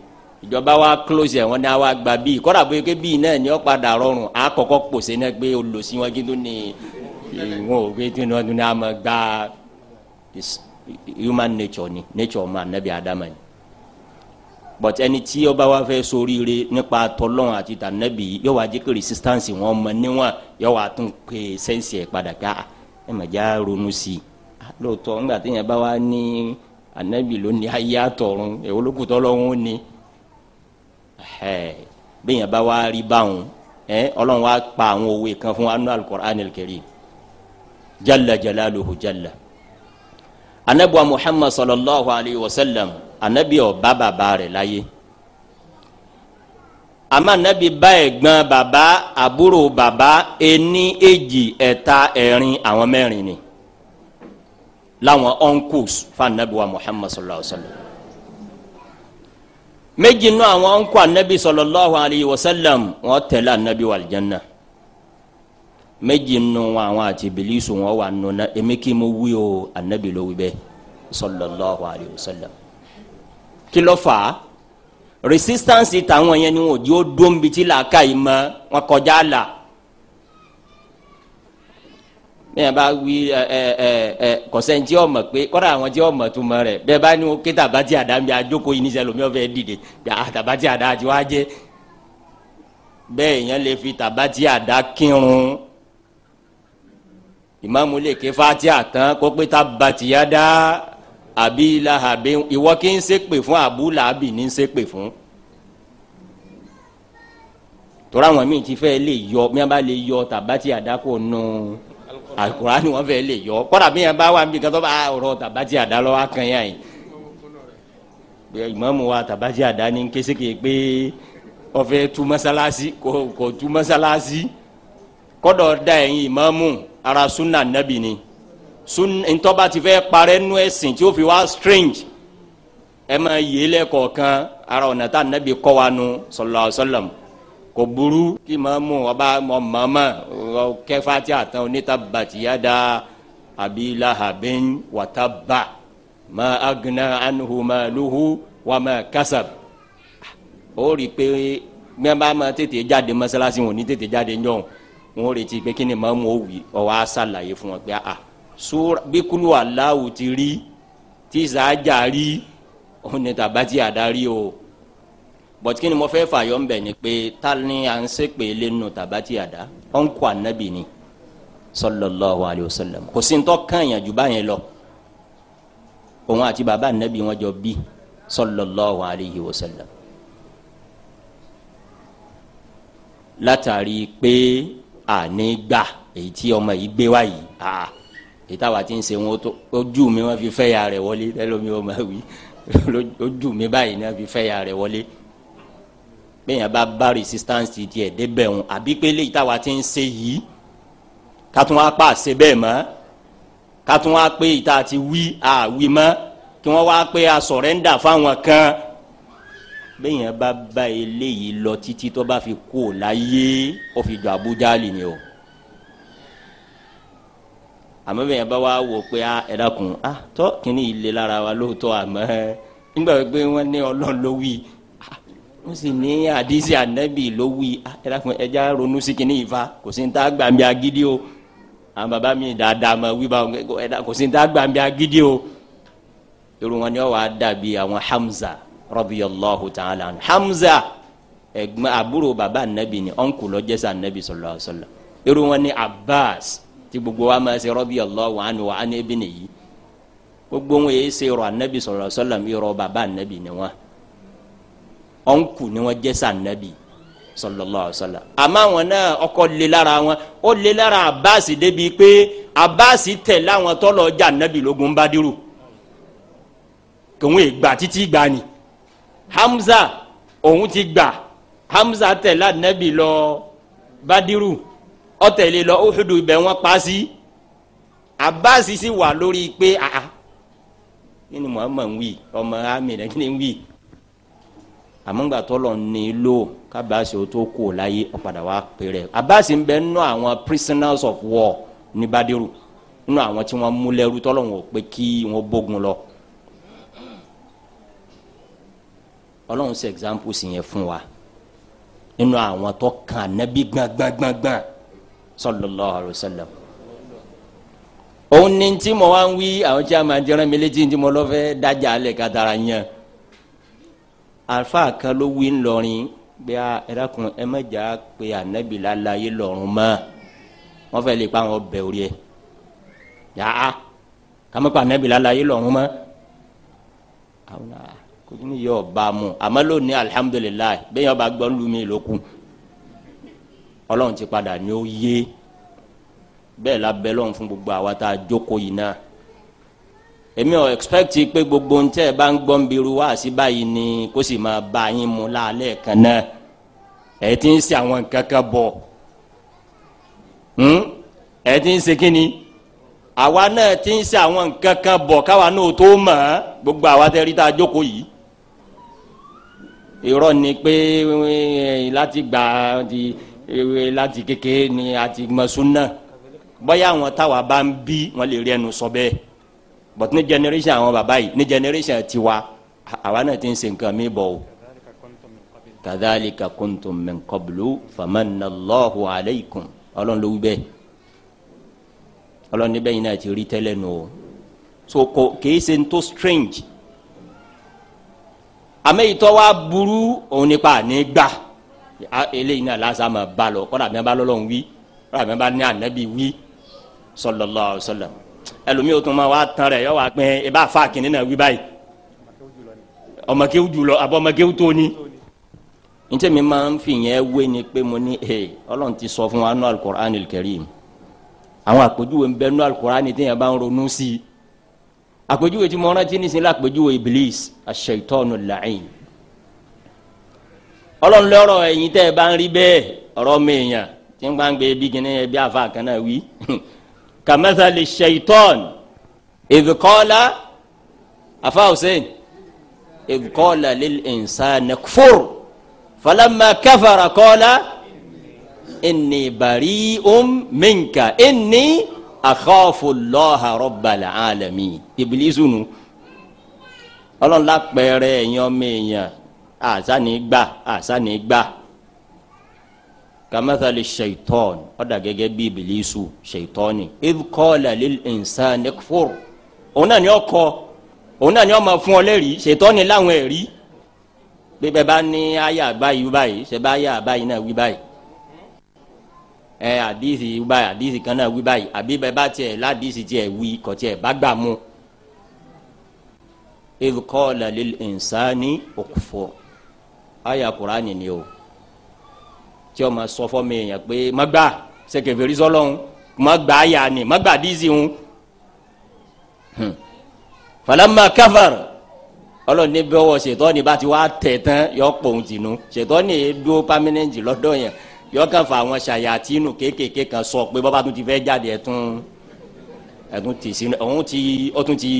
ìjọba wa close ẹ̀ wọ́n ní wa gba bíi kọ́ra bóyá pé bíi náà ni ó padà rọrùn á kọ́kọ́ pòṣe náà pé olùsí wọn kíndùn ní ìwọ̀n òwe tí wọ́n tún ní a gba human nature ni nature ọmọ anabi adama ni but ẹni tí ó bá wá fẹ́ soríire nípa tọlọ́n àti tànẹ́bì yóò wá jẹ́ kí resistance wọn mọ níwọ̀n yóò wá tún pè sẹ́ǹsì ẹ̀ padà ká ẹ̀ mọ̀ já ronú sí i lóòótọ́ ńgbà tí yẹn bá wá ní anabi ló ní ayé àtọ̀run èwo ló kù tọ́lọ́run ó ní bí yẹn bá wá rí báwọn ẹ ọlọ́run wá pa àwọn òwe kan fún anu al-Qur'an al-Karim jalla jalaluhu jalla anabi wa Muhammad sallallahu alayhi wa sallam anabi ó bá bàbá rẹ̀ láyé àmọ́ anabi bá ẹ̀gbọ́n bàbá àbúrò bàbá ẹni èjì ẹ̀ta ẹ̀rin àwọn mẹ́rin ni láwọn uncles fanabiwa muhammad sallallahu alaihi wa sallam méjì nù àwọn uncles anabi sallallahu alaihi wa sallam wọn tẹ̀lé anabi wà aljanna méjì nù àwọn àti bilisu wọn wà nùnà èmi kì í mo wí o anabi ló wí bẹ́ẹ̀ sallallahu alaihi wa sallam kí ló fà á resistance tàwọn yẹn ni wọn ò di ó dóńbi tí làákà yìí mọ wọn kọjá là bẹ́ẹ̀ bá wí ẹ ẹ ẹ kọ̀sẹ́ntì ọmọ pé kọ́ra àwọn tí ọmọ tó mọ rẹ̀ bẹ́ẹ̀ bá ní o kéta bá ti àdá mi àjókò yìí níṣẹ́ lomi ọ̀fẹ́ dìde àtàbá ti àdá àti wá jẹ́ bẹ́ẹ̀ yẹn lè fi tàbá ti àdá kírun ìmáàmù lè ké fati àtàn kó pé tá bàtì yá dá àbí làhàbí ìwọ kí ń ṣépè fún àbú làbí ní ń ṣépè fún tọ́ra àwọn míì ti fẹ́ lè yọ mi bá lè yọ tàbá ti àdá kò nù alukura ni wọn fẹ́ lè yọ kọ́ra bí yẹn bá wà níbi gàtọ́ bá ah, ọ̀rọ̀ tabaji àdá lọ́wọ́ akanya yìí ìmọ̀mù wa tabaji àdá ni kéṣeke pé ọfẹ́ tu mọ́sálásí kò kò tu mọ́sálásí kọ́dọ̀ da ẹ̀yin ìmọ̀mù ara sunna nabi ni sun ntọ́ba ti fẹ́ parẹ́ nú ẹ̀sìn tí ó fi wá strange ẹ̀ máa yé lẹ́kọ̀ọ̀kan ara ọ̀nà tá nabi kọ́ nu sallallahu alaihi wasallam kò burú kí màmú ọba màmá kẹfà tí a tán oníta bàtìyàdá abila habin wataba ma agna anuhu luhu wa ma kasab ó rí i pé mẹ́mbà máa tètè jáde mọ́sálásí wọn ò ní tètè jáde ńjọ́ wọn ò retí pé kí ni màmú ó wí ó wá ṣàlàyé fún wọn pé a sura bí kúlù aláwo ti rí tí sàájà rí ó ní tàbátì rí o bọ̀tí kí ni mo fẹ́ fàyọ̀ ń bẹ̀ ni pé ta ni à ń sèpè lẹ́nu tàbátì àdá ó ń kó ànábì ni sallallahu alayhi wa sallam kò sí ń tọ́ kàn yàn jù báyẹn lọ òun àti bàbá ànábì wọn jọ bí sallallahu alayhi wa sallam látàrí pé àní gbà èyí tí ọmọ yìí gbé wá yìí àà ìtawà tí ń ṣe wọn tó ojú mi wọn fi fẹ́ ya rẹ̀ wọlé ẹlòmí wọn máa wí *laughs* ojú mi báyìí náà fi fẹ́ ya rẹ̀ wọlé bẹ́ẹ̀yàn bá bá resistance tiẹ̀ débẹ̀ wọn àbí pé léyìí táwa ti ń ṣe yìí ká wá pa àṣẹ bẹ́ẹ̀ mọ́ ká tún wá pé ìta ti wí àwí mọ́ kí wọ́n wá pé a sọ̀rẹ́ńdà fáwọn kan bẹ́ẹ̀yàn bá bá eléyìí lọ títí tó bá fi kú ò láyé ó fi jọ Abuja lì ní o àmọ́ bẹ́ẹ̀ yẹn bá wá wò pé a ah, ẹ̀dá kun a ah, tọ́ kínní ilé lára wa lóòótọ́ àmọ́ nígbà wípé wọ́n ní ọlọ́run n sì ní àdísì ànábì ló wí ah, ẹja ronú sí kíní ìfa kò sí ní tá a gbà mí agídí o àwọn bàbá mi dáadáa ma wí báwọn kò sí ní tá a o irun wọn wà á dàbí àwọn Hamza radiyallahu ta'ala Hamza ẹ̀gbọ́n àbúrò bàbá ànábì ni ọ̀nkù lọ́jẹ́sà ànábì sallallahu alaihi wasallam irun wọn Abbas tí gbogbo wa máa ṣe radiyallahu anhu wa an ibnihi gbogbo wọn yìí ṣe irọ́ ànábì sallallahu alaihi wasallam irọ́ bàbá ànábì ni wọn ọ̀nkù ni wọ́n jẹ́ sànẹ́bì sallallahu alaihi wasallam àmọ́ àwọn náà ọkọ lelara wọn ó lé lára abasi débi pé abasi tẹ̀ láwọn tọ́lọ̀ jà nẹ́bì lógun badiru kòun ìgbà títí gbà ni hamza òun ti gbà hamza tẹ̀ lá nẹ́bì lọ badiru ọtẹ̀lé lọ uhudu ibẹ̀ wọn pa sí abasi sì wà lórí pé ah kí ni muhammed wí amina kí ni àmúgbà tọ́lọ̀ ní lò kábàásì ó tó kó láyé ọ̀padà wá pè rẹ̀ ń bẹ nínú àwọn prisoners of war ní badiru nínú àwọn tí wọ́n mú lẹ́rú tọ́lọ̀ wọn ò pé kí wọ́n bógun lọ. ọlọ́run ṣe examples yẹn fún wa nínú àwọn tó kan ànábì gbàngbàngbàngbàn sallallahu alaihi wasallam òun ni tí mo wá ń wí àwọn tí a máa jẹran mi létí tí mo lọ fẹ́ dájà alẹ́ kátàrà yẹn alfa kan ló wí ńlọrin bí a ẹ̀rọ kun ẹ má jà pé anabi lálàyé lọ́rùn mọ́ wọ́n fẹ́ lè pa àwọn ọbẹ̀ orí ẹ̀ yàá kàmú pa anabi lálàyé lọ́rùn mọ́ àwọn kò ní yọ ọba mu àmọ́ lónìí alihamudulilayi bẹ́ẹ̀ yọba gbọ́ lu mi lókun ọlọ́run ti padà ní ó yé bẹ́ẹ̀ la bẹ́ fún gbogbo àwa tá a jókòó yìí náà èmi ò expect pé gbogbo ń tẹ́ ẹ bá ń gbọ́n biru wá sí báyìí ni kó sì máa bá yín mu láàlẹ́ kan náà ẹ ti ń ṣe àwọn nǹkan bọ̀ hmm? ẹ ti ń ṣe kí ni àwa náà ti ń ṣe àwọn nǹkan bọ̀ káwa náà tó mọ̀ ẹ́ gbogbo àwa tẹ́ rí tá jókòó yìí irọ́ ni pé eh, láti gbà di eh, láti kékeré ni àti mọ̀sùn náà bóyá àwọn táwa bá ń bí wọ́n lè rí ẹnu sọ bẹ́ẹ̀ but ní generation àwọn bàbá yìí ní generation tiwa àwa náà ti ń ṣe nǹkan mi bọ̀ o kadhalika kuntum min qablu famanna Allahu alaykum ọlọ́run ló wí bẹ́ẹ̀ ọlọ́run níbẹ̀ yìí náà ti rí tẹ́lẹ̀ nù o so kò kìí ṣe tó strange àmẹ́yìítọ́ wa buru òun nípa àní gbà eléyìí náà lásán máa bá lọ kọ́dà mẹ́ba lọ́lọ́run wí kọ́dà mẹ́ba ní ànábì wí sallallahu alaihi ẹlòmíì ó tún máa wá tán rẹ̀ yọ wá pé ẹ bá fa kìnìún náà wí báyìí ọmọkéwù jùlọ àbọ̀ ọmọkéwù tó ní. n mi máa ń fi yẹn wé ni pé mo ní ọlọ́run ti sọ fún wa nínú alukur'an karim àwọn àpèjúwe ń bẹ nínú alukur'an tí yẹn bá ń ronú sí i àpèjúwe tí mo rántí ní àpèjúwe iblis aṣèitọ́nù làyìn ọlọ́run lọ́rọ̀ ẹ̀yin tẹ́ ẹ bá ń rí bẹ́ẹ̀ ọ̀rọ̀ mi tí gbàgbé bí bí àfa *laughs* kàmẹ́sàlì shaitan ìdíkọ́lá afa hussein ìdíkọ́lá lil insani kfur falamma kafara kọ́lá inni bari'um minka inni akhafu allaha rabbal alamin ibilisu nu ọlọ́run lápẹẹrẹ ẹ̀yin ọmọ èèyàn àṣà kamathali shaitan ọ̀dà gẹ́gẹ́ bí ibilisu shaitani idh qala lil insani kfur òun náà ni ọ kọ òun náà ni ọ máa fún ọ lẹ́rìí shaitani láwọn ẹ̀rí bí bẹ́ẹ̀ bá ní àyà báyìí báyìí ṣe bá àyà báyìí náà wí báyìí ẹ àdìsí wí kan náà wí àbí bẹ́ẹ̀ bá tiẹ̀ ládìsí tiẹ̀ wí kọ̀ tiẹ̀ bá lil insani kfur àyà kùránì ni o tí ọmọ sọ fọ́ mi yẹn pé má gbà sẹkẹfẹ̀rí sọlọ́hún má gbà yà ni má gbà díìsì hun hmm. falama kafar ọlọ́ni bọ́wọ́ ṣètọ́ni bá ti wá tẹ̀ tán yọ pòun tìǹú ṣètọ́ni dúró pámẹ́nẹ́ǹtì lọ́dọ̀ yẹn yọ kàn fà àwọn ṣàyàtínù kéékèèké kan sọ pé bọ́ba tún ti fẹ́ jáde ẹ̀tún ẹ̀tún tì sínú ọ̀hún ti ọ̀tún ti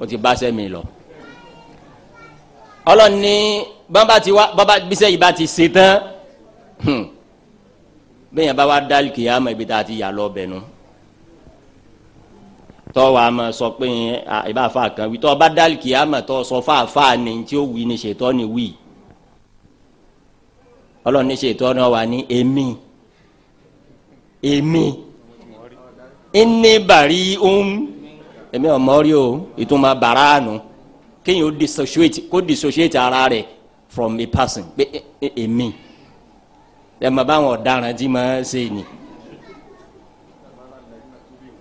ó ti bá sẹ́mi lọ. ọlọ́ni bọ́ba ti wá bọ́ba bísẹ́ yìí bá ti ṣe Hmm. bẹ́ẹ̀ yẹn bá wá dálì kìyàmọ̀ ibi tá a ti yà lọ bẹ̀ nu tọ́ wa ma sọ pé ìbá fa kan wí tọ́ bá dálì kìyàmọ̀ tọ́ sọ fáfá ni tí ó wí ni ṣètọ́ ni wí ọlọ́ni ṣètọ́ náà wà ní èmi èmi ẹni bàrí ohun èmi ọmọ rí o ìtumọ̀ bàrà nù kéèyàn ó dissociate kó dissociate ara rẹ̀ from a person pé èmi. E, e, e, ẹ mọ̀ báwọn ọ̀daràn tí ma ṣe ni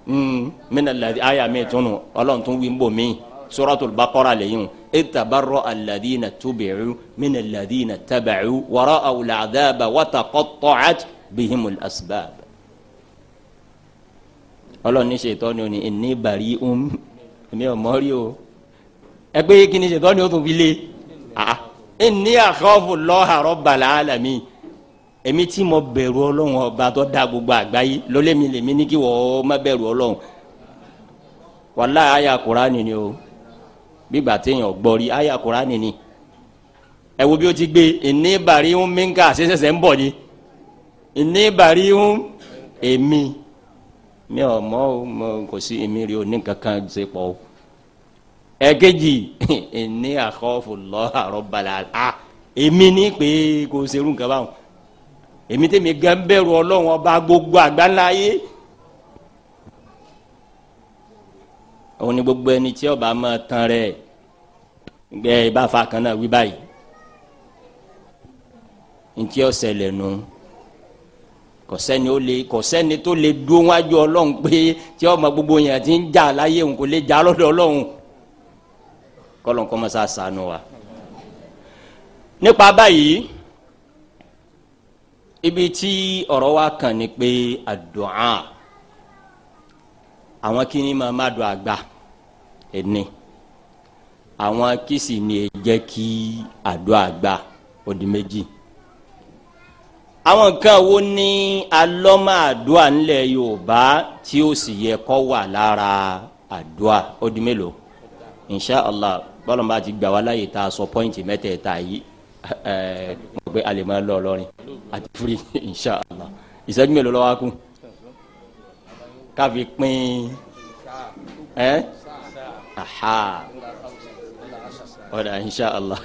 hmm, mina ladi aya mi tunu ọlọ́run tún wí bò mí suratul baqara lẹ́yìn itabarọ aladina tubiru mina ladina tabaru wara awuladaba wata kọtọcat bihimul asbab ọlọ́run ní ṣètò ni o ní ẹni bari um èmi ò mọ́rí o ẹgbẹ́ yìí kí ni ṣètò ni o tún fi lé ẹni àkọ́fù lọ́hàrọ̀ bàlá àlàmì èmi tí mo bẹ̀rù ọlọ́run ọba tó dá gbogbo àgbáyé lọ́lẹ́ mi lèmi ní kí wọ́n má bẹ̀rù ọlọ́run wàlá àyà kúránì ni o gbígbà téèyàn gbọ́ rí àyà kúránì ni ẹ wo bí o ti gbé ìní bàrí ń mínká ṣẹṣẹṣẹ ń bọ̀ ni ìní bàrí ń èmi mi ò mọ kò sí èmi rí o ní kankan ṣe pọ̀ o ẹ̀kejì ìní àkọ́fù lọ́ọ́ àrọ́balà à èmi ní pé kò ṣerú nǹkan báwọn èmi tèmi gan bẹ̀rù ọlọ́run ọba gbogbo àgbáńlá yé òun ni gbogbo ẹni tí ọba máa tan rẹ gbẹ ìbáfa kan náà wí báyìí ntí ọsẹ lẹnu kọsẹni ó lè kọsẹni tó lè dúró wájú ọlọ́run pé tí ọmọ gbogbo yẹn ti ń jà láyé òun kò lè jà lọ́dọ̀ ọlọ́run kọlọńkọ mọ sá sànù wa nípa báyìí ibi tí ọ̀rọ̀ wa kàn ní pé àdùá àwọn kìíní máa má do àgbà ẹni àwọn kìsì ni ẹ jẹ́ kí àdùá àgbà ó di méjì àwọn nǹkan wo ní alọ́mọ àdúà ńlẹ̀ yorùbá tí ó sì yẹ kó wà lára àdúà ó mélòó insha allah bọ́lọ̀mọ́ àti gbà wá láyè tá a sọ pọ́ìntì mẹ́tẹ̀ẹ̀ta yìí *laughs* pé a lè máa lọ ọlọrin àti fúri *laughs* inshàlá ìṣẹ́jú mélòó lọ́wọ́ kù káfi pín ẹ́ aha ọ̀dà inshàlá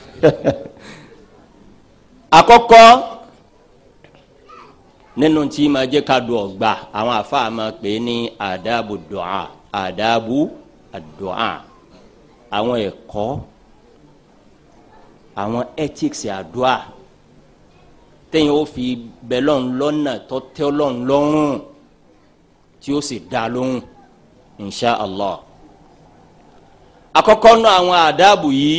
*laughs* àkọ́kọ́ nínú tí ma jẹ́ ká du ọ̀gbà àwọn àfáà ma pè é ní àdábù dùà àdábù àdùà àwọn ẹ̀kọ́ àwọn ethics àdùà téèyàn ó fi bẹlọ́n lọ́nà tó tẹ́ lọ́n lọ́rùn tí ó sì dá lóhùn insha allah àkọ́kọ́ nu àwọn àdáàbò yìí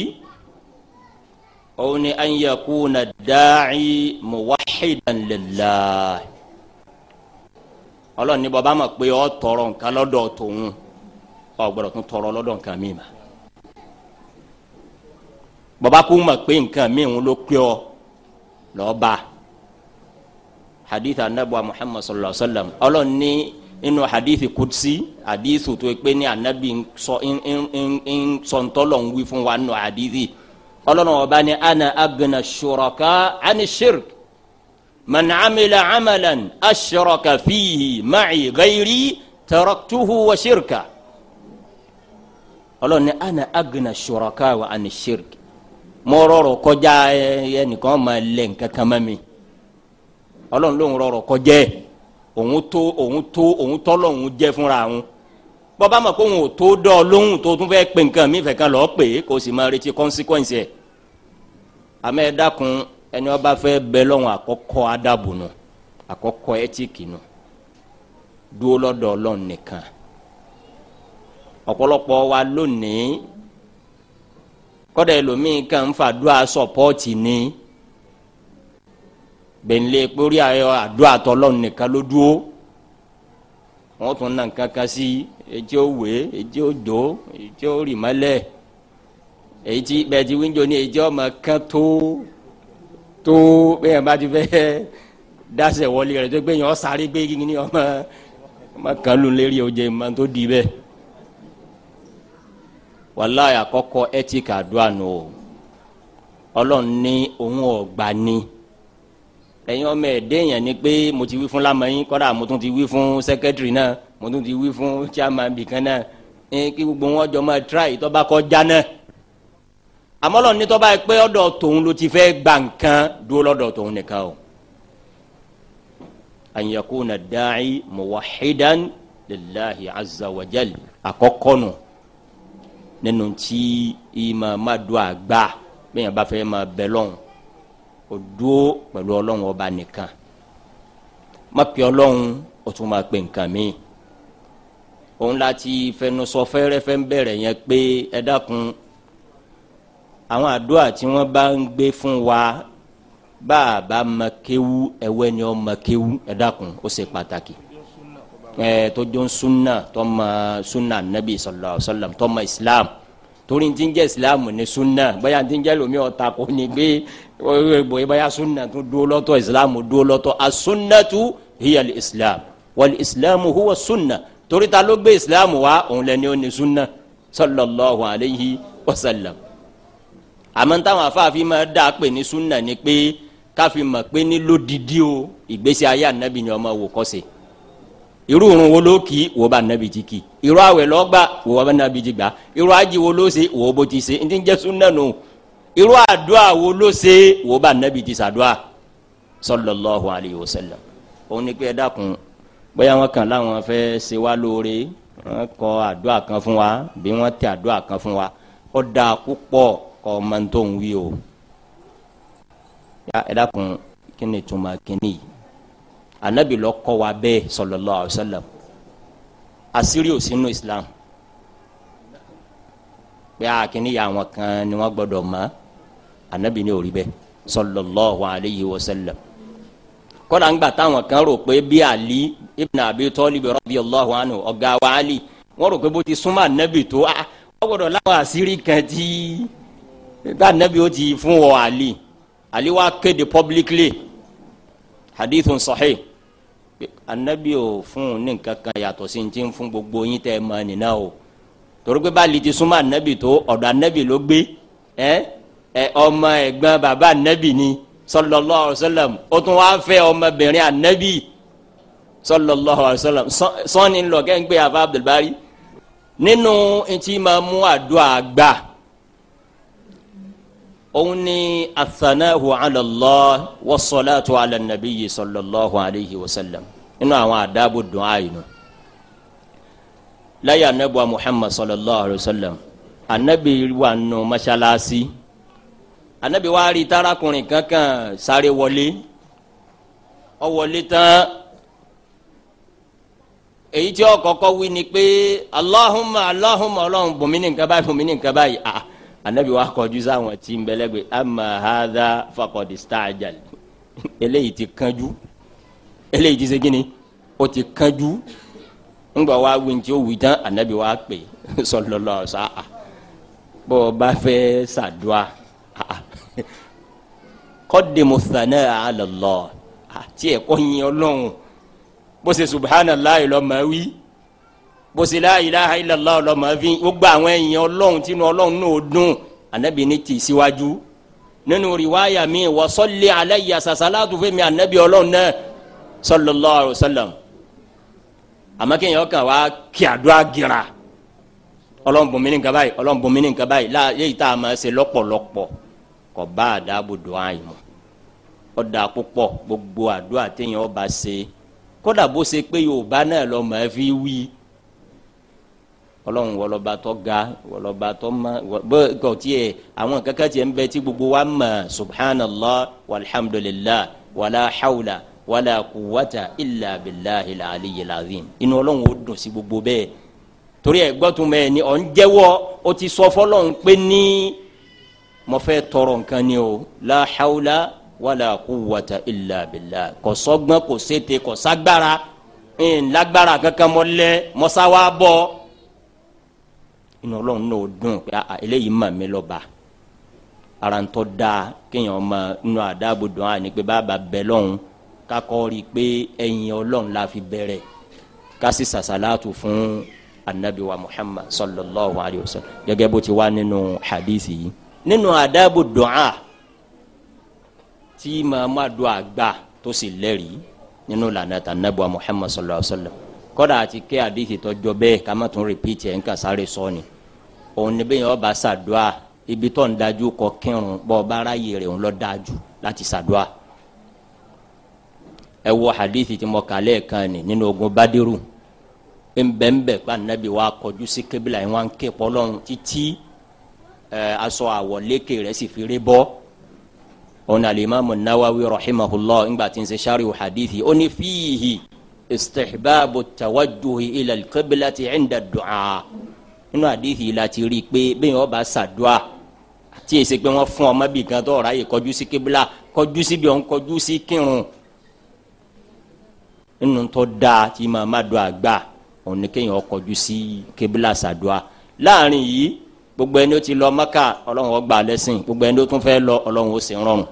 òun ni an yakuna da'i muwahidan lillah ọlọ́ọ̀ni bàbá mọ̀ pé ọ tọrọ nǹkan lọ́dọ̀ tòun ọ gbọ́dọ̀ tún tọrọ lọ́dọ̀ nǹkan mi mà bàbá kú mọ̀ pé nǹkan mi ń ló pé ọ lọ́ọ́ hadith anabuwa muhammad sallallahu alaihi wa sallam ọlọ́run ní inú hadith kudsi hadith tó pé ní anabi sọ̀ntọ́lọ̀ ń wí fún wa nù hadith ọlọ́run ọba ní ana agna shuraka ani shirk man camila camalan ashraka fihi maci gayri taraktuhu wa shirka ọlọ́run ní ana agna shuraka wa ani shirk mo rọrọ kọjá ẹnìkan máa lẹ̀ nǹkan kan mọ́ mi ọlọ́run lòun rọrọ̀ kọjẹ́ òun tó òun tó òun tọ́ lọ́hùn jẹ́ fúnra òun bọ́bá mọ̀ kó òun ò tó dọ́ lóhùn tó tún fẹ́ pè nǹkan mí fẹ́ kan lọ́ọ́ pè é kó sì máa retí consequence ẹ̀ àmọ́ ẹ dákun ẹni wọ́n bá fẹ́ bẹ lọ́hùn àkọ́kọ́ adábù nù àkọ́kọ́ ẹ́tíìkì nù dúró lọ́dọ̀ ọlọ́run nìkan ọ̀pọ̀lọpọ̀ wa lónìí kọ́dà ẹlòmíì kan ń fàdúrà sọ̀pọ́ọ̀tì ni. Kodelo, bẹ̀ńlẹ̀ kpórí ayọ àdó àtọ̀lọ́ nìkan ló dúró wọ́n tún nà kankan sí etí ó wé etí ó dó etí ó rì èyí tí ti wíńdò ní etí ọmọ kan tó tó bẹ́ẹ̀ bá ti fẹ́ *laughs* dasẹ̀ wọlé tó gbé yẹn gbé yìí ọmọ ọmọ kan ló lérí tó di o ní òun ni. ẹ̀yin ọmọ ẹ̀dẹ́ yẹn ni pé mo ti wí fún lamẹ́yìn kọ́dà mo tún ti wí fún sẹ́kẹ́tìrì náà mo tún ti wí fún chairman bìkan náà kí gbogbo wọn jọ máa tíráì tó bá kọ́ já náà àmọ́lọ́ ní tó bá yẹ pé ọ̀dọ̀ tòun ló ti fẹ́ gbà nǹkan dúró lọ́dọ̀ tòun nìkan o an yakuna da'i muwahidan lillahi azza wa jal àkọ́kọ́ nù nínú tí ìmọ̀ má do àgbà bẹ́ẹ̀ yẹn bá fẹ́ máa bẹ̀ lọ́hùn. Oduo dúó pẹ̀lú ọlọ́run ọba nìkan má pe ọlọ́run o tún máa pe nǹkan mi òun láti fẹnusọ fẹ́rẹ́fẹ́ ń bẹ̀rẹ̀ yẹn pé ẹ dákun àwọn àdúrà tí wọ́n bá ń gbé fún wa bá a bá mọ kéwú ẹwẹ́ ni ọ mọ kéwú ẹ dákun ó ṣe pàtàkì ẹ tó jọ ń súnà tó mọ súnà nàbì sọlọ sọlọ tó mọ islam torí ti ń jẹ islam ní súnà bóyá ti ń jẹ lómi ọ̀tá kò gbé bóyá bóyá sunnatu dúró lọ́tọ̀ isilamu dúró lọ́tọ̀ as-sunnatu hiya al-islam wal-islamu huwa sunna torí ta ló gbé isilamu wá òun lẹni ó ní sunna sallallahu alayhi wa sallam àmọ́ táwọn afáàfin máa dá pè ní sunna ni pé káfí mọ̀ pé ní lódìdí o ìgbésí ayé ànábì ni ọmọ wò kọ́ sí irú irun wo ló kì í wò bá ànábì ti kì í irú àwẹ̀ ló wò bá ànábì ti gbà irú àjì wo ló ṣe wò bó ti ṣe ní ti ń sunna nù. No irú àdúrà wo ló ṣe wò bá nàbì ti sàdúrà sallallahu alayhi wa sallam òun ni pé ẹ dákun bóyá wọn kàn láwọn fẹ́ ṣe wá lóore wọn kọ àdúrà kan fún wa bí wọn tẹ àdúrà kan fún wa ó da púpọ̀ kọ ọmọ tó ń wí o ẹ dákun kí ni ìtumọ̀ kínní yìí anabi ló kọ́ wa bẹ́ẹ̀ sallallahu alayhi wa sallam àṣírí ò sínú islam pé àkínní yà wọn kan ni wọn gbọ́dọ̀ mọ̀ anabi ni òrí bẹ sallallahu alayhi wa sallam kọ́lá ń gbà táwọn kan rò pé bí ali ibn abi tọ́líbi radiyallahu anhu ọ̀gá wa ali wọ́n rò pé bó ti súnmọ́ anabi tó a wọ́n gbọ́dọ̀ láwọn kan tí bá anabi ó ti fún wọ ali ali wa kéde publicly hadithun sahih anabi ò fún un ní nǹkan kan yàtọ̀ sí ti ń fún gbogbo yín tẹ́ ẹ mọ̀ nínú o torí pé bá ali ti súnmọ́ anabi tó ọ̀dọ̀ anabi ló gbé ẹ́ eh? ọmọ ẹ̀gbọ́n bàbá anabi ni sallallahu alaihi wasallam ó tún wá fẹ́ ọmọbìnrin anabi sallallahu alaihi wasallam sọ́ni ńlọ kẹ́ńgbé àfa abdulbari nínú etí máa mú àdúrà gbà òun ni athanahu ala Allah wa salatu ala nabiyyi sallallahu alaihi wasallam nínú àwọn àdábò dùn àyìnà láyé anabuwa muhammad sallallahu alaihi anabi wà nù mọ́ṣáláṣí. No anabi wa rí tarakùnrin kankan sáré wọlé ó wọlé tán èyí tí ó kọ́kọ́ ni pé Allahumma Allahumma Ọlọ́run bùnmí ní nǹkan báyìí bùnmí ní nǹkan báyìí ah anabi wa kọjú sáwọn tí ń bẹlẹgbẹ amma hadha faqad ista'jal eléyìí ti kánjú eléyìí ti segin ni ó ti kánjú ńgbà wa wí ní tí ó wí tán anabi wa pè *laughs* sallallahu alaihi wasallam ah, bó o bá fẹ́ ṣàdúà kọ́dìmù sànà ala Allah àti ẹ̀kọ́ yin ọlọ́run bó ṣe subhanallah lọ́mọ wí bó ṣe la ilaha illallah lọ́mọ wí gbogbo àwọn ẹ̀yin ọlọ́run tínú ọlọ́run náà dùn anabi ni tì síwájú nínú riwaya mi wa salli alayya sasalatu fún mi anabi ọlọ́run náà sallallahu alayhi wa sallam àmọ́ kéèyàn kàn wá kí àdúrà gira ọlọ́run bùnmí ní nǹkan báyìí ọlọ́run bùnmí ní nǹkan báyìí láàyè ìta àmọ́ ṣe kò bá àdáàbò dùn àyè mọ́ ọ̀dà púpọ̀ gbogbo àdúrà téèyàn ọba ṣe kódà bó ṣe pé yorùbá náà lọ mọ̀ ẹ́ fi wí ọlọ́run wọlọ́ba tó ga wọlọ́ba tó mọ bọ́ kò tiẹ̀ àwọn kankan tiẹ̀ ń bẹ tí gbogbo wa mọ̀ subhanallah walhamdulillah wala hawla wala quwwata illa billahi aliyu alazim inú ọlọ́run ó dùn sí gbogbo bẹ́ẹ̀ torí ẹ̀ gbọ́tùmẹ̀ ni ọ̀ ń jẹ́wọ́ ti sọ fọlọ́run pé ní mo fẹ́ tọrọ nǹkan ni o la hawla wala quwwata illa billah kò sọ́gbọ́n kò sété kò ságbára ẹn lágbára kankan mọ lẹ mọsáwá bọ inú Ọlọ́run n'o dùn pé a ah, ah, eléyìí mà mí lọba ara ń tọ da kéèyàn ma inú àdàbò dùn á ní pé bàbá bẹ lọhùn pé ẹ̀yìn Ọlọ́run la fi bẹ̀rẹ̀ kasi sasalatu fún anabiwa Muhammad sallallahu alayhi wa sallam gẹ́gẹ́ bó ti wá nínú hadisi yìí nínú àdábò dùnà tí màmá do àgbà tó sì lẹ́rìí nínú lànà tànàbọ̀ Muhammad sallallahu alayhi wa sallam kọ́dà àti ké àdìsí tọ́jọ́ bẹ́ẹ̀ ká má tún rìpíìtì ẹ̀ ń kà sáré sọ ni òun ni bẹ́ẹ̀ ọba sàdúà ibi tó ń dájú kọ kírun bọ́ ọba aráyè rẹ̀ ń lọ dájú láti sàdúà ẹ wo hadithi tí mo kà lẹ́ẹ̀kan ni nínú ogun badiru nbẹ̀nbẹ̀ pa nabi wa kọjú sí kébìlà yìí wọn ké pọlọ́run títí Eh, aṣọ àwọ̀lékè rẹ̀ sì fi rí bọ́ ọ̀nà alimami nawawi rahimahullah ngba tí ń ṣe sarihu hadithi ó ní fihi istihbabu tawajuhi ila alqiblati inda du'a inú hadithi la ti rí i pé bẹ́ẹ̀ ọba ṣàdúà àti èsì pé wọ́n fún ọmọ bíi kan tó ọ̀rá yìí kọjú sí kébìlà kọjú sí bí òun kọjú sí kírun inú tó dáa tí màmá do àgbà òun ni kéèyàn kọjú sí kébìlà ṣàdúà láàrin yìí gbogbo ẹni ó ti lọ maka ọlọ́run ó gbà lẹ́sìn gbogbo ẹni ó tún fẹ́ lọ ọlọ́run ó sì rọrùn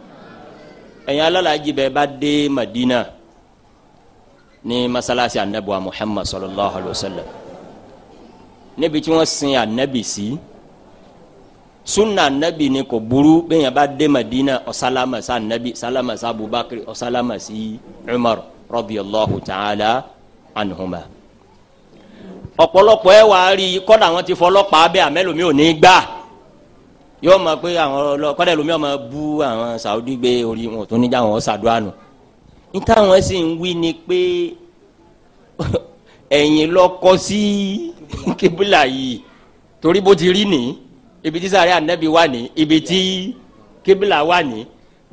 ẹ̀yin alálàájì bẹ́ẹ̀ bá dé Madina ní masalasi anabi wa Muhammad sallallahu alayhi wa sallam níbi tí wọ́n sin anabi sí sunna anabi ni kò burú bẹ́ẹ̀yàn bá dé Madina ọ̀sálámà sí anabi sálámà sí Abubakar ọ̀sálámà sí Umar radiyallahu ta'ala anhuma ọ̀pọ̀lọpọ̀ ẹ̀ wàá rí i kọ́dà wọn ti fọlọ́pàá bẹ́ẹ̀ àmẹ́lòmí ò ní gbà yóò mọ̀ pé àwọn ọlọ́kọ́dà lómi ọmọ bú àwọn Saudi gbé orí wọn tó níjà wọn ṣàdúrà nù níta wọn sì ń wí ni pé *laughs* ẹ̀yìn lọ́kọ́ sí kébìlà yìí torí bó ti rí ni ibi tí sàárẹ̀ ànábì wà ní ibi tí kébìlà wà ní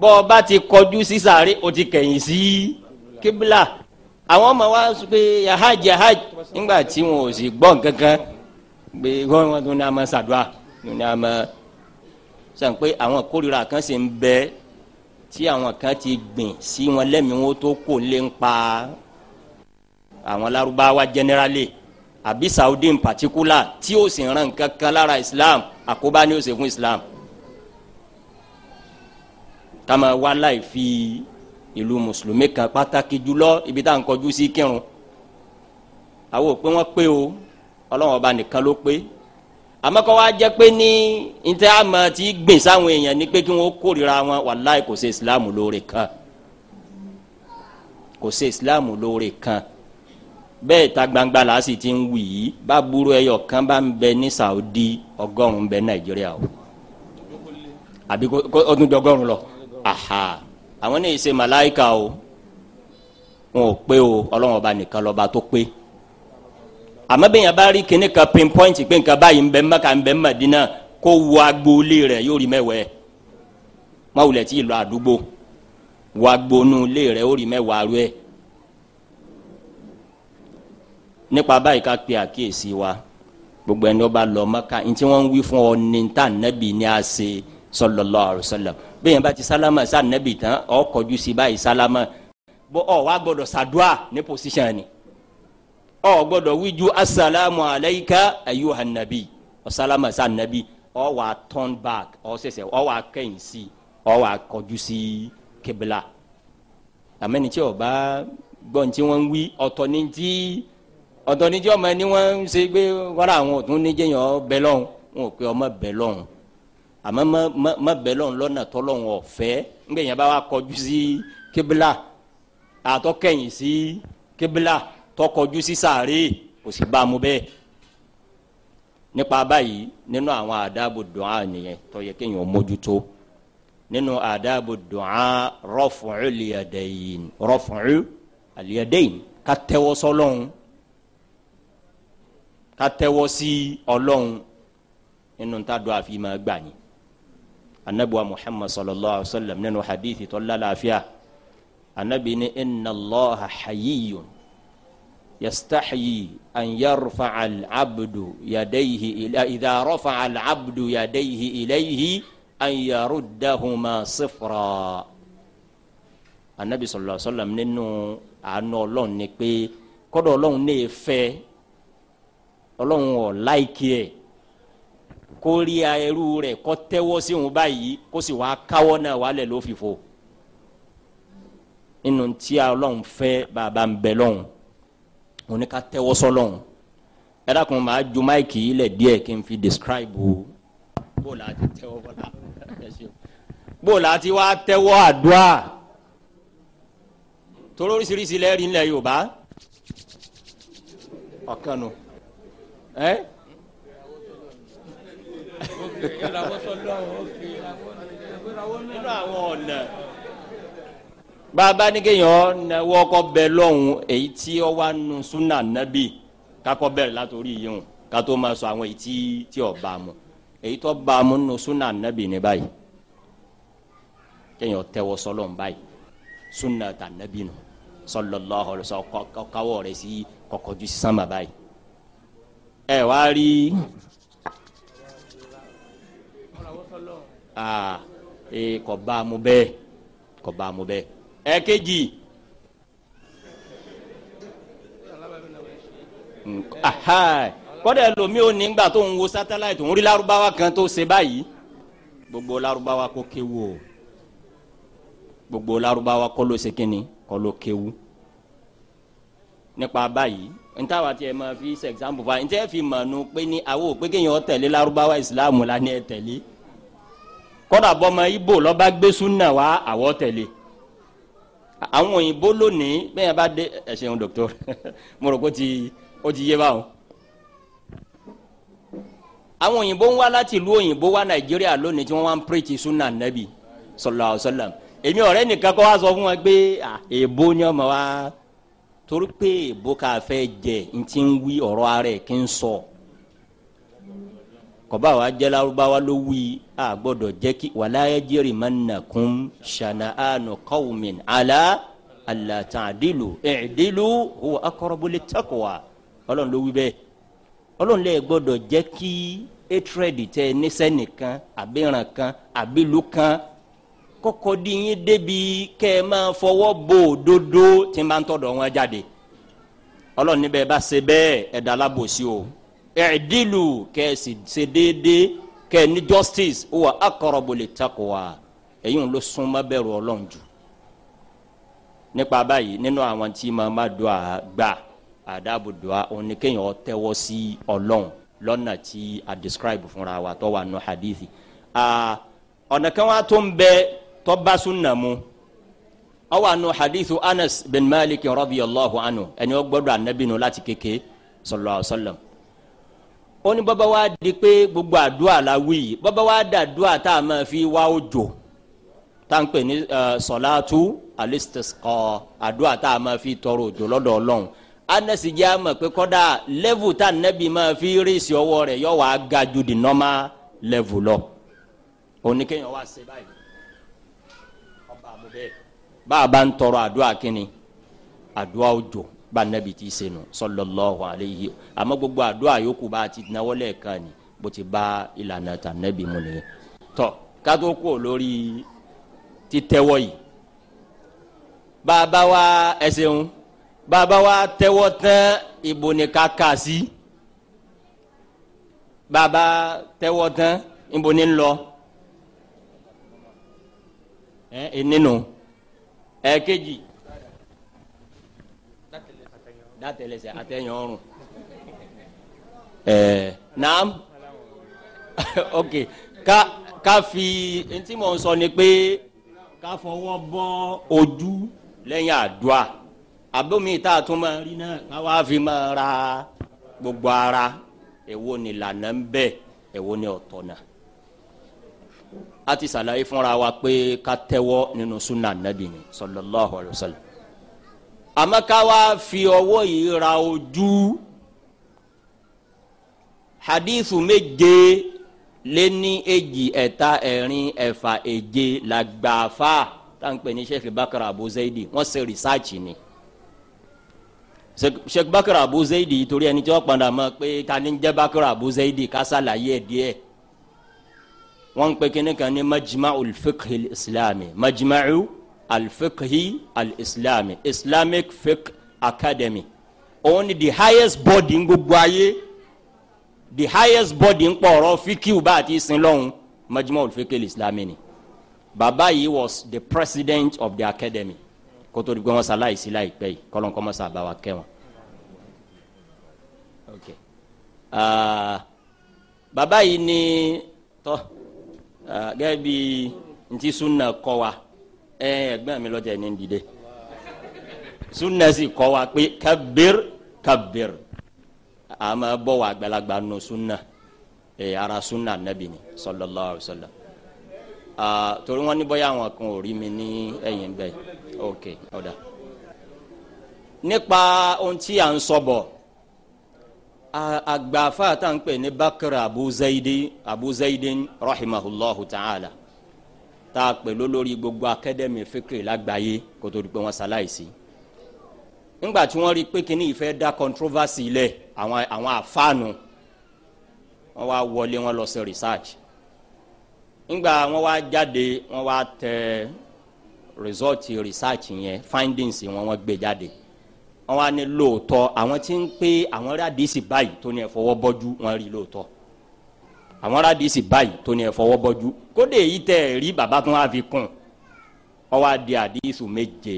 bọ́ ọ bá ti kọjú sí sàárẹ̀ o ti kẹ̀yìn sí kébìlà àwọn ọmọ wa sọ pé yahaj yahaj nígbà tí wọn ò sì gbọ́ kankan pé wọn tún ní a máa ṣàdúrà tún ní a máa sàn pé àwọn kórìíra kan sì ń bẹ tí àwọn kan ti gbìn sí wọn lẹ́mìí wọn tó kò lè ń pa àwọn Lárúbáwá generally àbí Saudi in particular tí ó sì ràn kankan lára Islam àkóbá ni ó sì fún Islam kama wá láì fi ìlú mùsùlùmí kan pàtàkì jùlọ ibi tá à ń kọjú sí kírun àwọn òpin wọn pé o ọlọ́wọ́n ọba nìkan ló pé àmọ́ kọ́ wa jẹ́ pé ní ntẹ́ àmọ́ tí gbìn sáwọn èèyàn ní pé kí wọ́n kórìíra wọn wàláì kò ṣe ìsìláàmù lóore kan kò ṣe ìsìláàmù lóore kan bẹ́ẹ̀ ta gbangba la sì ti ń wì í bá burú ẹyọ kan bá ń bẹ ní Saudi ọgọ́rùn-ún bẹ Nàìjíríà o àbí ọdún jọgọ́rùn lọ aha àwọn ní ìṣe màláìka o wọn ò pé o ọlọ́wọ́n ọba nìkan lọ́ba tó pé àmọ́ bẹ́ẹ̀ yẹn bá rí kíní kan pinpoint pé nǹkan báyìí ń bẹ Mẹ́kà ń bẹ Mẹ́dínà kó wo agboolé rẹ̀ yóò rí mẹ́wẹ́ẹ́ mọ́wulẹ̀ tí ìlú àdúgbò wo agboolé rẹ̀ yóò rí mẹ́wàá rẹ̀ nípa báyìí ká pe àkíyèsí wa gbogbo ẹni ó bá lọ Mẹ́kà ntí wọ́n ń wí fún ọ ní ntá nẹ́bì a ṣe sallallahu alaihi wasallam bẹ́ẹ̀ bá ti sálámà sá nẹ́bì tán ọ kọjú sí báyìí sálámà bọ́ ọ wá gbọ́dọ̀ sàdúà ní pòsíṣàn ni ọ gbọ́dọ̀ wíjú asalaamu alayka ayuha nabi ọ sálámà sá nẹ́bì ọ wà turn back ọ sẹsẹ ọ wà kẹ́yìn sí ọ wà kọjú sí kébìlà àmẹ́ni tí o bá gbọ́n tí wọ́n ń wí ọ̀tọ̀ ni tí ọ̀tọ̀ ni tí ọmọ ẹni wọ́n ṣe gbé wọ́n àwọn òtún níjẹ́yìn ọ bẹ́lọ́hún wọn ò pé ọmọ bẹ́lọ́hún àmọ́ mọ bẹ́ẹ̀ lọ́n lọ́nà tọ́lọ́hún ọ̀fẹ́ ńgbẹ́ yẹn bá wa kọjú sí kébìlà àtọ́kẹ́yìn sí kébìlà tọkọjú sí sàárè kò sì bá a mú bẹ́ẹ̀ nípa báyìí nínú àwọn àdáàbò dùn á nìyẹn tó yẹ kéèyàn mójútó nínú àdáàbò dùn á rọ́fùn ìlìyàdẹ́yìn rọ́fùn ìlìyàdẹ́yìn ká tẹ́wọ́ sọ́lọ́hún ká tẹ́wọ́ sí ọlọ́hún nínú tá a àfi máa gbà yín anabiwa muhammad sallallahu alaihi wa sallam nínú hadithi tó lálàáfíà anabi ni inna allaha hayyun yastaxyi an yarfaca alcabdu yadayhi ila ida rafaca alcabdu yadayhi ilayhi an yaruddahuma sifra anabi sallallahu alaihi wa sallam nínú àánú ọlọ́run ni pé kọ́dọ̀ ọlọ́run ní e fẹ́ ọlọ́run ọ̀ láìkí kó rí ẹrú rẹ̀ kó tẹ́wọ́ sí òun báyìí kó sì wá káwọ́ náà wálẹ̀ ló fìfo inú tí ọlọ́run fẹ́ bàbá ń bẹ lọ́hùn òun ní ká tẹ́wọ́ sọ́lọ́hùn ẹ dákun máa ju máìkì yìí lẹ̀ díẹ̀ kí n fi describe bó la ti tẹ́wọ́ bọ́lá bó la ti wá tẹ́wọ́ àdúrà torí oríṣiríṣi lẹ́rìí ńlẹ̀ Yorùbá ọ̀kan nù Eh? nínú àwọn ọ̀nà bàbá ní kéèyàn náwó ọkọ bẹ lọ́hùn èyí tí ó wà nù súnà nábì kakọ bẹ̀rẹ̀ látòrí yìí kátó máa sọ àwọn èyí tí tí bá mu èyí tó bá mu nù súnà nábì ní báyìí kéèyàn tẹ́wọ́ sọ́lọ́hùn báyìí súnà tà nù sallallahu alaihi wasallam kọ́kọ́wọ́ rẹ̀ sí kọ́kọ́jú sísánmà báyìí ẹ wá rí aa ah, ee kò bá mu bẹ́ẹ̀ kò bá mu bẹ́ẹ̀ ẹ̀kejì kọ́dà lomi ò ní gbà tó ń wo sátáláìtì ń rí Lárúbáwá kan tó ṣe báyìí gbogbo Lárúbáwá kó kéwu o gbogbo Lárúbáwá kọ́ ló ṣe kínni kọ́ ló kéwu nípa báyìí nta wa tiẹ̀ ma fi ṣe example fa ntẹ́ fi mọ̀ nu pé ní àwọn òpé kéèyàn tẹ̀lé Lárúbáwá ìsìlámù la ní ẹ tẹ̀lé kọ́dà bọ́mọ ibo lọ́ba gbé súnà wá àwọ̀ tẹ̀lé àwọn òyìnbó lónìí bẹ́ẹ̀ bá dé ẹ ṣeun dọ́kítọ́r *laughs* mo rò pé ó ti yé báwọn. àwọn òyìnbó ń wá láti ìlú òyìnbó wá nàìjíríà lónìí tí wọ́n wá ń pírètì súnà nẹ́bì sallallahu alaihi èmi ọ̀rẹ́ nìkan kọ́ wá sọ fún wọn pé èèbó ni ọmọ wa torí pé èèbó ká fẹ́ jẹ ntí ń wí ọ̀rọ̀ ara ẹ̀ kí ń sọ. So kọba wa jẹla arubawa ló wí a gbọ́dọ̀ jẹ́ kí wala yajrimannakum shana'anu qawmin ala alla ta'dilu i'dilu wa aqrabu littaqwa Ọlọ́run ló wí bẹ́ẹ̀ Ọlọ́run lẹ gbọ́dọ̀ jẹ́ kí etredi tẹ nisẹ nìkan abiran kan abilu kan kọ́kọ́ di yín débi kẹ́ ẹ máa dodo tí n bá ń tọ̀dọ̀ wọn jáde Ọlọ́run níbẹ̀ bá ṣe bẹ́ẹ̀ ẹ̀dá alábòsí o ẹ̀ẹ́dìlù kẹ́ ẹ sì ṣe justice ó wà aqrabu littaqwa lo ń lọ súnmọ́ bẹ̀rù ọlọ́run jù nípa báyìí nínú àwọn tí màá má dùn à gbà àdàbò dùn à òun ni sí ọlọ́run lọ́nà tí a describe fúnra wa tó wà nù hadithi ọ̀nà kan tó ń bẹ tó bá sunna mu hadithu Anas bin Malik radiyallahu anhu ẹni ó gbọ́dọ̀ anabi nù láti kéke sallallahu alaihi ó ní bọ́bá wa di pé gbogbo àdúrà la wí yìí bọ́bá wa dà àdúrà tá a máa fi wá òjò tá n pè ní sọ̀láàtú alistisqa àdúrà tá a máa fi tọrọ òjò lọ́dọ̀ ọlọ́run anasi jẹ́ àmọ̀ pé kọ́dà level tá nẹ́bí máa fi rísì ọwọ́ rẹ̀ yọ wá ga ju di normal level lọ oníkéèyàn wá ṣe báyìí ọba àmúbẹ́ bá a bá ń tọrọ àdúrà kínni àdúrà òjò bá anabi ti ṣe nu sallallahu alayhi àmọ́ gbogbo àdúà àyókù bá ti náwó lẹ́ẹ̀kan ni bó ti bá ìlànà tà anabi mu nìyẹn tọ kátó kú lórí títẹ́wọ́ yìí bàbá wa ẹsẹ̀hún bàbá wa tẹ́wọ́ tán ìbò ní ká kà sí bàbá tẹ́wọ́ tán ìbò ní lọ ẹ ẹ kejì látẹlẹsẹ̀ àtẹ̀yìn ọrùn ẹẹ naam *laughs* ok ká ká fi ntí mò ń sọ ni pé ká fọwọ́ bọ́ ojú lẹ́yìn àdúrà àbómi tá a tún máa rí náà ká wá fi máa ra gbogbo ara èwo ni lànà ń bẹ èwo ni ọ̀tọ̀ náà a ti sàlàyé fúnra wa pé ká tẹ́wọ́ nínú sunna nabi ni sallallahu alayhi àmọ́ ká wá fi ọwọ́ yìí ra ojú hadithu méje lé ní èjì ẹ̀ta ẹ̀rin ẹ̀fà èje làgbàfà táǹpẹ̀ ní sheikh bakar abu zaidi wọ́n ṣe rìsáàcì ni sheikh bakar abu zaidi torí ẹni tí wọ́n padà mọ̀ pé ta ni bakar abu zaidi ká ṣàlàyé ẹ̀ díẹ̀ wọ́n ń pe kíní kan ní majma'ul fiqh islami al-fiqhi al-islami islamic fiqh academy òun ni the highest body ń gbogbo ayé the highest body ń pọ̀ ọ̀rọ̀ fíkìú bá àti sin lọ́hùn majmu' al-fiqhi islami ni bàbá yìí was the president of the academy kó tó di pé wọ́n ṣaláìsí láìpẹ́ yìí kọ́lọ́n kọ́ mọ́ sábà wa kẹ́ wọn. Okay. Uh, bàbá yìí ni tọ́ uh, gẹ́gẹ́ bí ntí sunna kọ́ wa. ẹ ẹgbẹ́ mi lọ́jà ẹni ni dìde sunnasi kọ́ wa pé kabir kabir a máa bọ̀ wá àgbàlagbà nù sunna Ee, ara sunna nabi ni sallallahu alaihi wasallam torí wọn ní bóyá àwọn kan ò rí mi ní ẹ̀yìn bẹ́ẹ̀ ok ọ̀dà nípa ohun tí à ń sọ bọ̀ àgbàfà tá bakr abu zaidi abu zaidi rahimahullahu ta'ala. tá a pè lólórí gbogbo akademi fikiri lágbàáyé kó tó di pé wọ́n ṣaláìsí nígbà tí wọ́n rí i pé kíní ìfẹ́ dá controversy lẹ̀ àwọn àwọn àfáànù wọ́n wá wọlé wọ́n lọ sí research nígbà wọ́n wá jáde wọ́n wá tẹ result research yẹn findings wọn wọ́n gbé jáde wọ́n wá ní lóòótọ́ àwọn tí ń pé àwọn rádìísì báyìí tó ní ẹ̀fọwọ́ bọ́jú wọ́n rí lóòótọ́ àwọn rádìsì báyìí tó ní ẹ fọwọ́ bọ́jú kódé yìí tẹ ẹ rí bàbá tó wá fi kún ọ wá àdìsù méje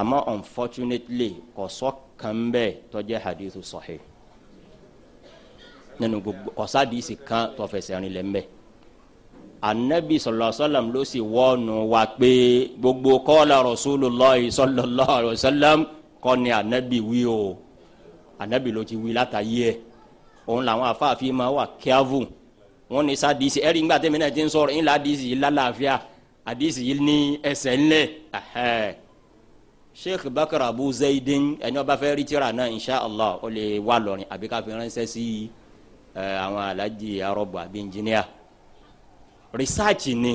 àmọ́ unfortunately kò sọ kan bẹ́ẹ̀ tó jẹ́ àdìsù sahih nínú gbogbo kò sí àdìsì kan tó fẹsẹ̀ rìn lẹ́ mbẹ́ anabi sallallahu alaihi wasallam ló sì wọ́ọ̀nù wa pé gbogbo qala rasulullah sallallahu alaihi wasallam ni anabi wí o anabi ló ti wí látàyé òun làwọn afáàfin máa wà kíávù wọn ní sádìsì ẹ̀rí ńgbà tẹ́mi náà ti ń sọ̀rọ̀ ńlá àdìsì yìí lálàáfíà àdìsì yìí ní ẹsẹ̀ ńlẹ̀ sheikh bakar abu Zaidin ẹni wọn bá fẹ́ rí tírà náà insha allah ó lè wá lọrin àbí ká fi ránṣẹ́ sí àwọn alájì arọ́bù àbí ẹnjìníà rìsáàcì ni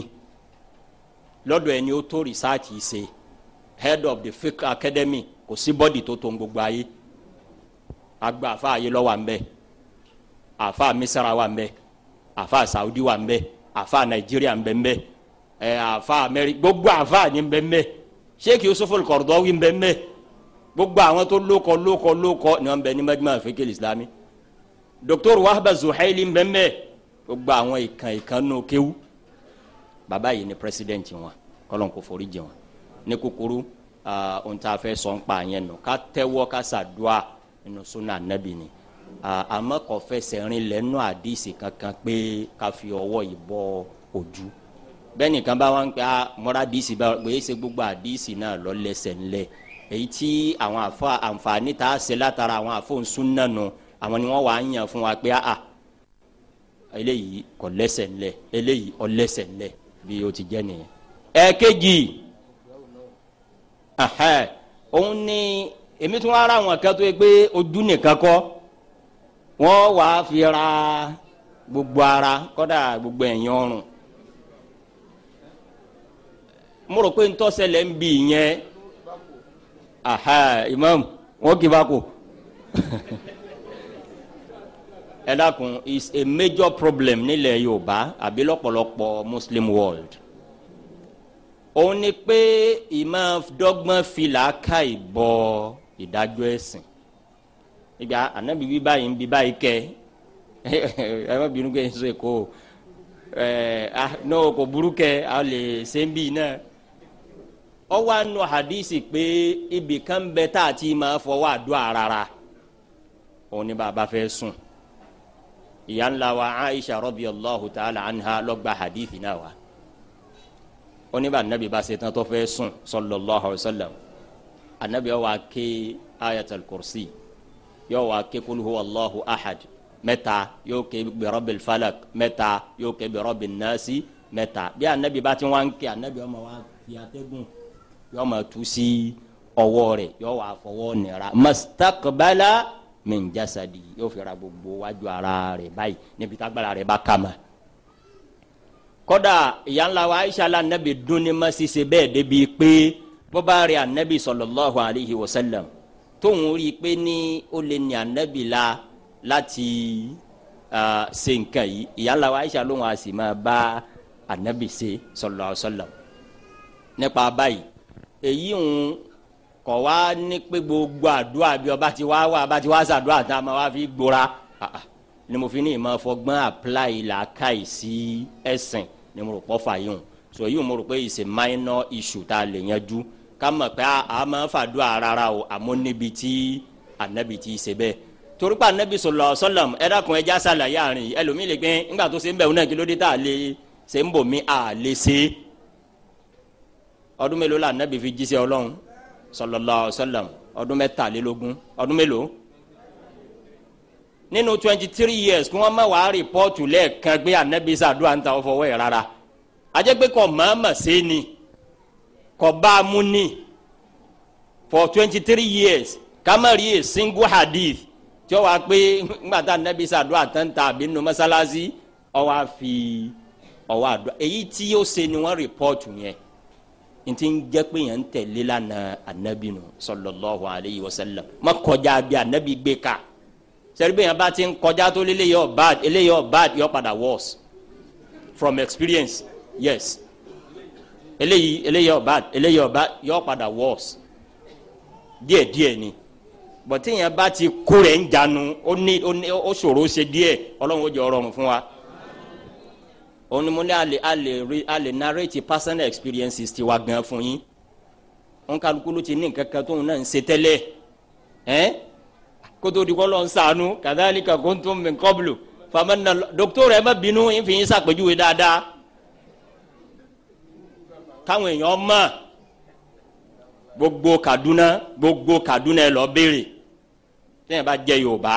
lọ́dọ̀ ẹni ó tó rìsáàcì ṣe head of the fiqh academy kò sí bọ́dì tó tó ń gbogbo ayé agbàfáàyè lọ́wọ́ à ń bẹ́ẹ̀ àfa misra wà ń bẹ saudi wà ń bẹ àfa nàìjíríà ń bẹ ń bẹ ẹ àfa amẹri gbogbo àfa ni ń bẹ ń bẹ sheikh yusuf al-Qaradawi ń gbogbo àwọn tó lókọ lókọ lókọ ni wọn bẹ ní majma fikil islami dr wahba zuhaili ń bẹ ń bẹ gbogbo àwọn ìkàn ìkàn nù kéwú baba yìí ni president wọn kọlọn kò forí jẹ wọn ní kúkúrú ohun tá a fẹ́ sọ ń pa yẹn nù ká tẹ́wọ́ ká ṣàdúà nínú sunna anabi ni àmọ́ kò fẹsẹ̀ rin lẹ́nu àdìsí kankan pé ká fi ọwọ́ ìbọ ojú bẹ́ẹ̀ni kan bá wá ń pẹ́ a mọ́ra àdìsí bá pé é ṣe gbogbo àdìsí náà lọ lẹ́sẹ̀ ńlẹ̀ èyí tí àwọn àfa àǹfààní tá a ṣe látara àwọn àfọ̀nsún náà nù àwọn ni wọ́n wà á yàn fún wa pé a eléyìí kò lẹ́sẹ̀ ńlẹ̀ eléyìí ò lẹ́sẹ̀ bí o ti jẹ́ nìyẹn. ẹ̀ẹ́kejì òun ni èmi tún wá ra àwọn kan pé ojú nìkan kọ́ wọ́n wàá fi ra gbogbo ara kọ́dà gbogbo ẹ̀yìn ọrùn mo rò pé ntọ́sẹ̀lẹ̀ ń bì yẹn aha imam wọ́n kì bá kù *laughs* ẹ dákun is a major problem nílẹ̀ Yorùbá àbí lọ́pọ̀lọpọ̀ Muslim world òun ni pé ìmọ̀ dọ́gbọ́n fìlà ká ìbọ̀ ìdájọ́ ẹ̀sìn ìgbà anabi wí báyìí ń bi báyìí kẹ ẹ má bínú kẹ ń sọ èkó ẹ ah náà kò burú kẹ a lè ṣe ń bì náà ọ wá nù hadisi pé ibì kan bẹ tá a ti máa fọwọ́ àdúrà rárá òun ni bàbá fẹ́ sùn ìyá ńlá wa aisha radiyallahu ta'ala anha lọ́gba hadisi náà wa oníbà nàbì bá ṣe tán tó fẹ́ sùn sallallahu alaihi wasallam anabi wa ké ayatul kursi yóò wá ké kul huwa allahu ahad mẹ́ta yóò ké bi rabbil falak mẹ́ta yóò ké bi rabbin nasi mẹ́ta bí anabi bá ti wá ń ké anabi ọmọ wa fi atẹ́gùn yóò máa tú sí ọwọ́ rẹ̀ yóò wá fọwọ́ nira mastaqbala min yóò fi gbogbo wájú ara rẹ̀ báyìí níbi tágbára rẹ̀ bá kama kódà ìyá wa aisha la anabi dún ma ṣiṣẹ́ bẹ́ẹ̀ débi pé bọ́bá rẹ̀ anabi sallallahu alayhi wa sallam tóun rí i pé ní ó lè ní ànábì la láti ṣe nǹkan yìí ìyálà wa Aisha lóun a sì máa bá ànábì ṣe sallallahu alaihi wasallam nípa báyìí èyí ń kọ̀ wá ní pé gbogbo àdúrà bí ọba ti wá wá ọba ti wá sàdúrà tá a máa wá fi gbóra ni mo fi ní ìmọ̀ fọgbọ́n apply làákàyè sí ẹ̀sìn ni mo rò pọ́ fà yìí hùn so yìí mo rò pé ìṣe minor issue tá a lè yanjú. kama pe a ma fàdúrà rárá o àmọ́ níbi tí anabi ti ṣe bẹ́ẹ̀ torípa anabi sọlọ sọlọm ẹ dákun ẹ já sàlàyé àárín yìí ẹlòmíì lè gbé ńgbà tó ṣe ń bẹ̀ wọn náà kí ló dé tá a lè ṣe ń la anabi fi jíṣẹ́ ọlọ́run sọlọlọ sọlọm ọdún mẹ́tàlélógún ọdún twenty three years kí wàá gbé anabi ta ọ̀fọ̀wẹ́ rárá kọba muni for twenty three years kamari a single hadith tí ó wá pé ngbàtà nabi sàdó àtẹ̀ntà àbí nínú mọ́sálásí ó wá fi ó wá àdó èyí tí yóò ṣe ni wọ́n report yẹn n ti pé yẹn tẹ̀lé lánàá anabi nù sallallahu alayhi wa sallam má kọjá bí anabi gbé ká sẹ́rìbẹ́ yẹn bá ti ń kọjá tó lé eléyọ̀ bad eléyọ̀ bad yọ padà worse from experience yes. eléyìí eléyìí ọba eléyìí ọba yọ padà wọ́ọ̀sì díẹ̀díẹ̀ ni bọ̀tí yẹn bá ti kó rẹ̀ ń janu ó ní ó ṣòro ṣe díẹ̀ ọlọ́run ó jẹ́ ọrọ̀run fún wa onímọ̀lẹ́ a lè a lè rí a narrate personal experiences tiwa gan fún yín ònkálukú ló ti ní nǹkan kan tóun náà ń ṣe tẹ́lẹ̀ ẹ́ kótó dikọ́ lọ́n sànú kadhalika kuntum min qablu famanna dókítà rẹ̀ má bínú ìfìyín sàpèjúwe dáadáa. káwọn èèyàn mọ̀ gbogbo Kaduna gbogbo Kaduna ẹ lọ béèrè tẹ́yìn bá jẹ Yorùbá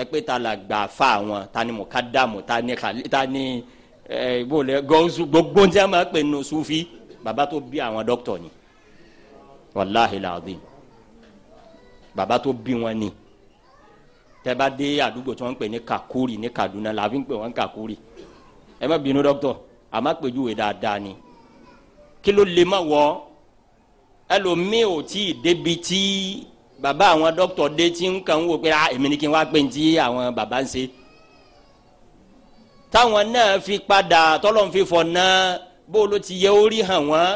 ẹ pé ta la gbà fa àwọn ta ni mukadamu ta ni kàlí ta ni ẹ bó lẹ gọ́ọ̀sù gbogbo ní sẹ́yìn máa pè nù sufi bàbá tó bí àwọn dókítọ̀ ni wàláhi làdín bàbá tó bí wọn ni tẹ́bá dé àdúgbò tí wọ́n pè ní Kakuri ní Kaduna làbí ń pè wọ́n Kakuri ẹ má bínú dókítọ̀ àmọ́ àpèjúwe dáadáa ni kí ló lè má wọ ẹlòmíì ò tí ì débi tí bàbá àwọn dókítà dé tí ń kàn ń wò pé ah, èmi ni kí n wá pé ti àwọn bàbá ń ṣe táwọn náà fi padà tọ́lọ́n fi fọ̀ náà bó ló ti yẹ orí hàn wọ́n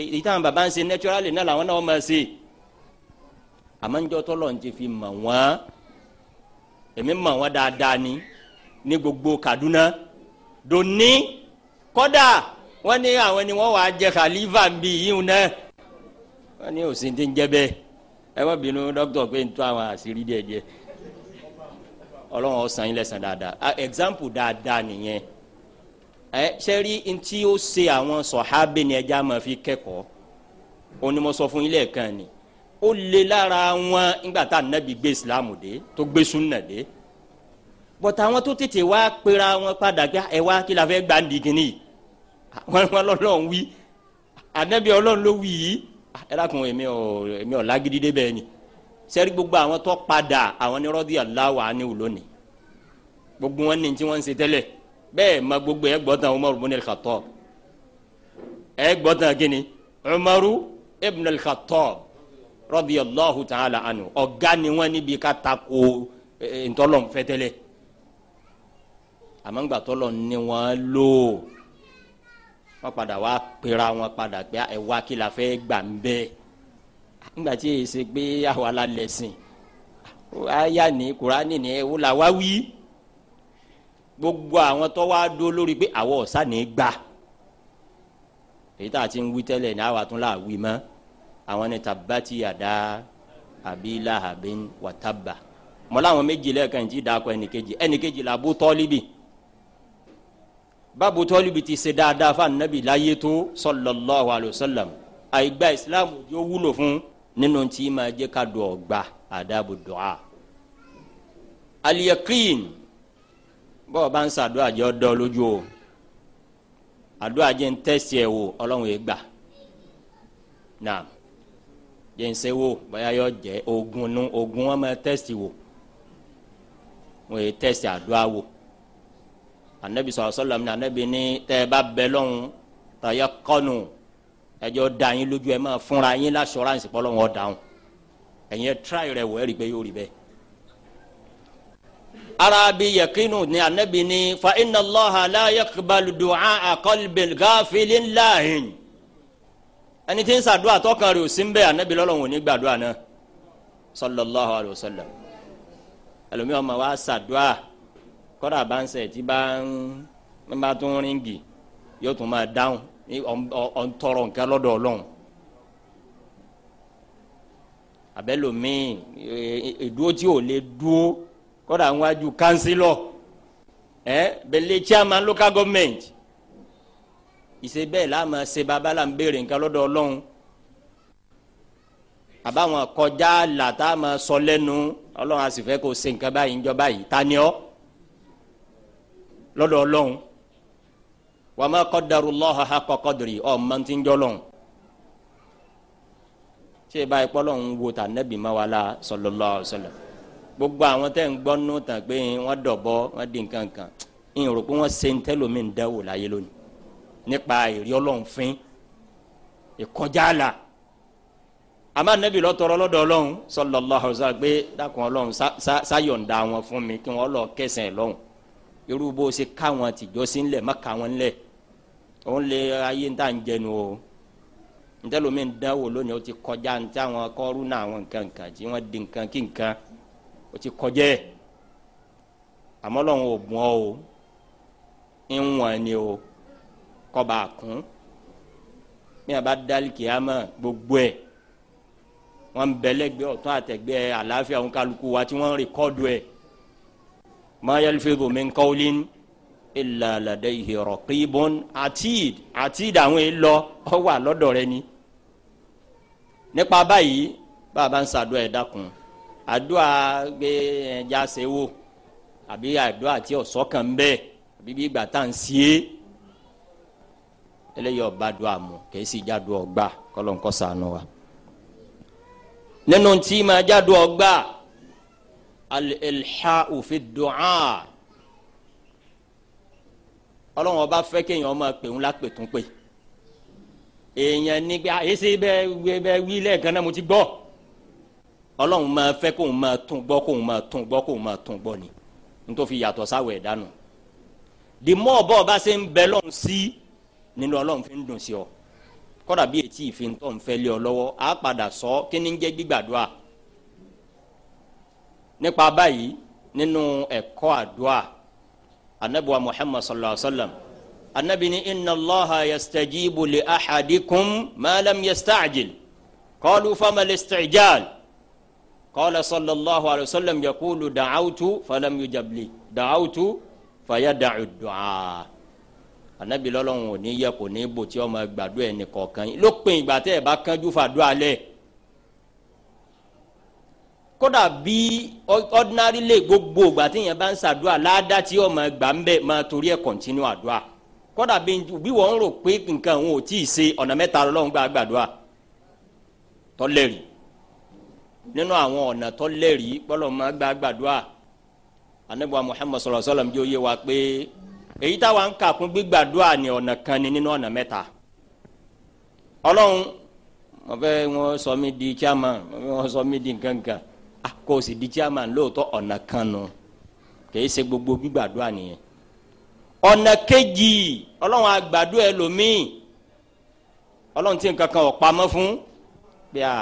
èyí táwọn bàbá ń ṣe naturally náà làwọn náà máa ṣe àmọ́njọ́ tọ́lọ́n ti fi mọ̀ wọ́n èmi mọ̀ wọ́n dáadáa ni ní gbogbo Kaduna dòní kọ́dà wọ́n ní àwọn ni wọ́n wàá jẹ khalifa ń bi yíyún náà wọ́n ní òsín ti ń jẹ bẹ́ẹ̀ ẹ wọ́n bínú dókítà pé ń tó àwọn àṣírí díẹ̀ díẹ̀ ọlọ́run ọ̀sán yín lẹ́sàn dáadáa ah, example dáadáa nìyẹn ẹ sẹ́rí ntí ó ṣe àwọn sọ̀hábẹ́ ni ẹja máa fi kẹ́kọ̀ọ́ onímọ̀sọ fún ilé ẹ̀kan ni ó lé lára wọn nígbà tá ànábì gbé ìsìlámù dé tó gbé súnà dé bọ̀tà àwọn tó tètè wá pera wọn padà gbé ah, ẹ wá kí la fẹ́ gbà ń di wọn wọn lọ́lọ́run wí anabi Ọlọ́run ló wí yìí ẹ dákun èmi ò èmi ò lágídí débẹ̀ ni sẹ́rí gbogbo àwọn tó padà àwọn ní rọ́dí aláwa ní wò lónìí gbogbo wọn ní tí wọ́n ń ṣe tẹ́lẹ̀ bẹ́ẹ̀ ma gbogbo ẹ gbọ́tàn Umaru ibn al-Khattab ẹ gbọ́tàn kí ni Umaru ibn al-Khattab rọ́dí aláhu ta'ala anhu ọ̀gá ni wọ́n níbi ká tako ntọ́lọ́n fẹ́ tẹ́lẹ̀ àmọ́ ń ni wọ́n lò ó wọ́n padà wá pera wọn padà pé ẹ wá kí la fẹ́ gbà ń bẹ́ nígbà tí èyí ṣe pé àwa la lẹ̀sìn àyà ní kúránì ní ewu la wá wí gbogbo àwọn tó wá dó lórí pé àwọ̀ ọ̀sán ní gbà èyí tá a ti ń wí tẹ́lẹ̀ ní àwa tún là wí mọ́ àwọn ní tabati yàda àbí lahabin wàtábà mọ́ láwọn méjì lẹ́ẹ̀kan tí ì dákọ̀ ẹnìkejì ẹnìkejì làbú tọ́líbì babu tọ́líbi ti se dáadáa fún anabi láyé tó sallallahu alayhi wa sallam àìgbà ìsìláàmù yóò wúlò fún nínú tí máa jẹ́ ká dùn ọ̀gbà àdáàbò dùà. aliyakin bọ́ọ̀ bá ń sàdúrà jẹ́ ọ́ dán lójú o àdúrà jẹ́ ń tẹ̀sí ẹ̀ wò ọlọ́run yẹn gbà náà jẹ́ ń ṣe yọ jẹ́ ogun nu ogun wọn máa tẹ̀sí wò yẹ tẹ̀sí àdúrà wò anabi sọ̀rọ̀ sọ̀rọ̀ mi anabi ní tẹ́ ẹ bá bẹ lọ́hùn tàyẹ kọ́nù ẹjọ́ da yín lójú ẹ máa fúnra yín láṣọ̀ránsì pọ́lọ́hùn ọ̀dáhùn ẹ̀yin ẹ tíráì rẹ̀ wọ̀ ẹ́ rí pé yóò rí bẹ́ẹ̀. arabi yakinu ni anabi ní fa inna Allaha la yaqbalu du'a qalbil ghafilin lahin ẹni tí ń sàdúrà tọkàn rẹ̀ ò sí ń bẹ́ẹ̀ anabi lọ́lọ́hùn ní gbàdúrà náà sallallahu alayhi wa sallam ẹlòmíràn máa wá sàdúrà kọ́dà bá ń sẹ̀ tí bá ń bá tún ríngì yóò tún máa dáhùn ọ̀ ń tọrọ nǹkan lọ́dọ̀ ọlọ́run àbẹ́lòmíì ìdúró tí ò lè dúró kọ́dà ń wájú kánsílọ̀ ẹ bẹ̀lẹ̀ chairman local government ìṣe bẹ́ẹ̀ láàmú ṣe bàbá là ń béèrè nǹkan lọ́dọ̀ ọlọ́run àbáwọn kọjá làtà máa sọ lẹ́nu ọlọ́run àsìfẹ́ kò ṣe nǹkan báyìí ń jọ báyìí ta ni ọ́ lọ́dọ̀ ọlọ́run wa ma qaddarullaha haqqa qadri ọ̀ mọ̀ntí ń jọlọ́run tí ì báyìí pọ́ lọ́run wo tà nẹ́bí mawala sallallahu alaihi wasallam gbogbo àwọn tẹ́ ń gbọ́ nù tàn pé wọ́n dọ̀bọ́ wọ́n di nǹkan kan ń rò pé wọ́n ṣe ń tẹ́lómi ń dáwò láyé lónìí nípa ìrí ọlọ́run fín ìkọjá la àmọ́ nẹ́bí lọ tọrọ lọ́dọ̀ ọlọ́run sallallahu alaihi wasallam pé dákun ọlọ́run sáyọ̀ǹda wọn fún mi kí wọ́n lọ kẹsàn-án lọ́hùn irú bó ṣe káwọn tìjọ sí ńlẹ̀ má káwọn ńlẹ̀ òun lè ayé ń tà ń jẹnu o ntẹ́lómi ń dánwò lónìí ó ti kọjá ní táwọn kọ́rú náà àwọn nǹkan nǹkan tí wọ́n di nǹkan kí nǹkan ó ti kọjá ẹ̀ àmọ́ lọ́wọ́ ò bùn ọ́ o ìwọ̀n ni o kọba kún bí a bá dálì kìámà gbogbo ẹ̀ wọ́n ń bẹ lẹ́gbẹ̀ẹ́ ọ̀tún àtẹ̀gbẹ́ àlàáfíà òun kálukú wa tí wọ́n ń rìkọ́dù ẹ̀ ma yalfidhu min qawlin illa ladayhi raqibun atid atid àwọn èlò ọ wà lọ́dọ̀ rẹ̀ ni nípa báyìí bàbá ń ṣàdúrà ẹ dákun àdúrà gbé ẹja ṣe wò àbí àdúrà tí ọ̀sọ́ kan ń bẹ àbí bí ìgbà tá à ń sí é eléyìí ọba dùn àmọ́ kìí sì jáde ọgbà kọlọ́nkọ́sánú wa nínú tí máa jáde ọgbà al-ilha'u fi du'a ọlọ́run ọba fẹ́ kéèyàn máa pè ń lápètún pé èèyàn nígbà èsì bẹ́ẹ̀ bẹ́ẹ̀ wí lẹ́ẹ̀kan náà mo ti gbọ́ ọlọ́run máa fẹ́ kóun máa tún gbọ́ kóun máa tún gbọ́ kóun máa tún gbọ́ ni n tó fi yàtọ̀ sáwọ̀ ẹ̀ the more bọ́ọ̀ bá ṣe ń bẹ lọ́hùn sí nínú ọlọ́run fi ń dùn sí ọ kọ́dà bí etí ìfintọ́ ń fẹ́ lé ọ lọ́wọ́ á padà sọ kí ni ń jẹ́ gbígbàdúrà nípa báyìí nínú ẹ̀kọ́ àdúà anabiwa muhammad sallallahu alaihi wa sallam anabi ni inna allaha yastajibu li ahadikum ma lam yasta'jil qalu fama al-isti'jal qala sallallahu alaihi wa sallam yaqulu da'awtu falam yujabli da'awtu fayada'u du'a anabi lọ́lọ́run ò ní yẹ kò ní bò tí ọmọ gbàdúrà ẹnì kọ̀ọ̀kan lópin ìgbà tẹ́ ẹ bá kánjú fàdúrà lẹ́ẹ̀. kódà bí ordinary lè gbogbo ìgbà tí yẹn bá ń ṣàdúrà láàdá tí ọmọ ẹgbà ń bẹ máa torí ẹ continue àdúrà kódà bí wọ́n ń rò pé nǹkan òun ò tí ì ṣe ọ̀nà mẹ́ta lọ́wọ́n gbà gbàdúrà tọ́lẹ̀rì nínú àwọn ọ̀nà tọ́lẹ̀rì máa gbà gbàdúrà wa pé èyí táwa ń gbígbàdúrà ní ọ̀nà kan ni Ah, kò sì di chairman lóòótọ́ ọ̀nà kan nù kì í ṣe gbogbo gbígbàdúrà nìyẹn ọ̀nà kejì ọlọ́run àgbàdúrà ẹlòmíì ọlọ́run tí nǹkan kan ò pamọ́ fún bí a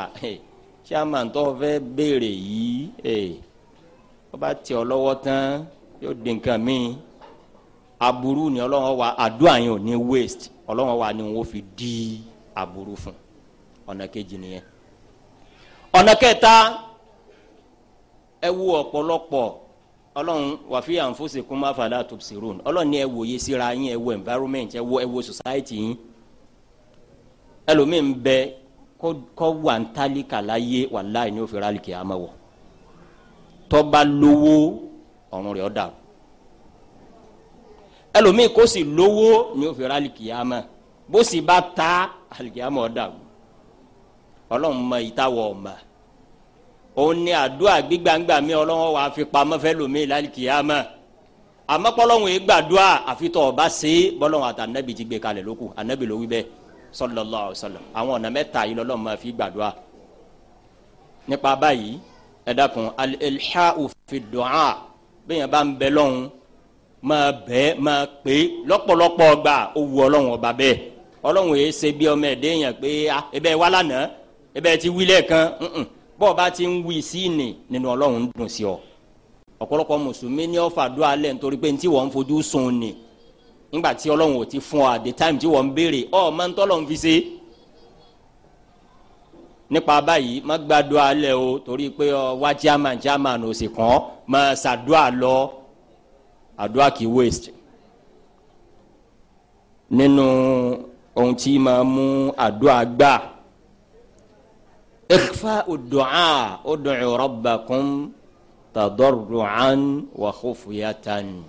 chairman tó fẹ́ béèrè yìí ó bá tẹ tán yóò di nǹkan míì aburú ni ọlọ́run wa àdúrà yẹn ò ní waste ọlọ́run wa ni wọ́n fi di aburú fún ọ̀nà kejì nìyẹn ọ̀nà kẹta. ẹ wo ọ̀pọ̀lọpọ̀ ọlọ́run wàfi àǹfóṣe kún má fàlà tó ni ẹ wòye síra yín ẹ wo environment ẹ wo ẹ wo society yín bẹ kọ wà ń tálíkà láyé wàláì ní òfin tọ́ba lówó ọrụ rịọ ọ́ ẹlòmíín sì ní òfin bó sì bá ta òun ni àdúrà gbígbàǹgbà mi ọlọ́wọ́ wa fi pamọ́ fẹ́ lomi lálìkìyàmọ́ àmọ́ pọ́lọ́hún yìí gbàdúrà àfitọ́ ọba ṣe é bọ́lọ́hún àti anabi ti gbé kalẹ̀ lóku anabi ló wí bẹ́ẹ̀ sallallahu alaihi wasallam àwọn ọ̀nà mẹ́ta yìí lọ́lọ́run máa fi gbàdúrà nípa báyìí ẹ dákun al-ilha'u fi du'a bẹ́ẹ̀ yẹn bá ń bẹ lọ́hún máa bẹ́ máa pé lọ́pọ̀lọpọ̀ gbà ó wu ọba bẹ́ẹ̀ ọlọ́run yìí ṣe bí ọmọ ẹ̀dẹ́ pé ah, ẹ bẹ́ẹ̀ wá lánàá ẹ bẹ́ẹ̀ ti wí lẹ́ẹ̀kan bọ́ọ̀ bá ti ń wí sí ni nínú ọlọ́run dùn sí ọ ọ̀pọ̀lọpọ̀ mùsùlùmí ní ọ̀fà dó alẹ́ nítorí pé ní wọ́n ń fojú sun ni nígbà tí ọlọ́run ò ti fún ọ at the time tí wọ́n ń béèrè ọ máa ń tọ́lọ̀ ń fi ṣe nípa báyìí má gbàdúrà alẹ́ o torí pé ọ wá german german ò sì kàn án máa lọ àdúrà kì í waste nínú ohun tí máa mú àdúrà gbà ikhfa'u du'a ud'u rabbakum tadarru'an wa khufyatan.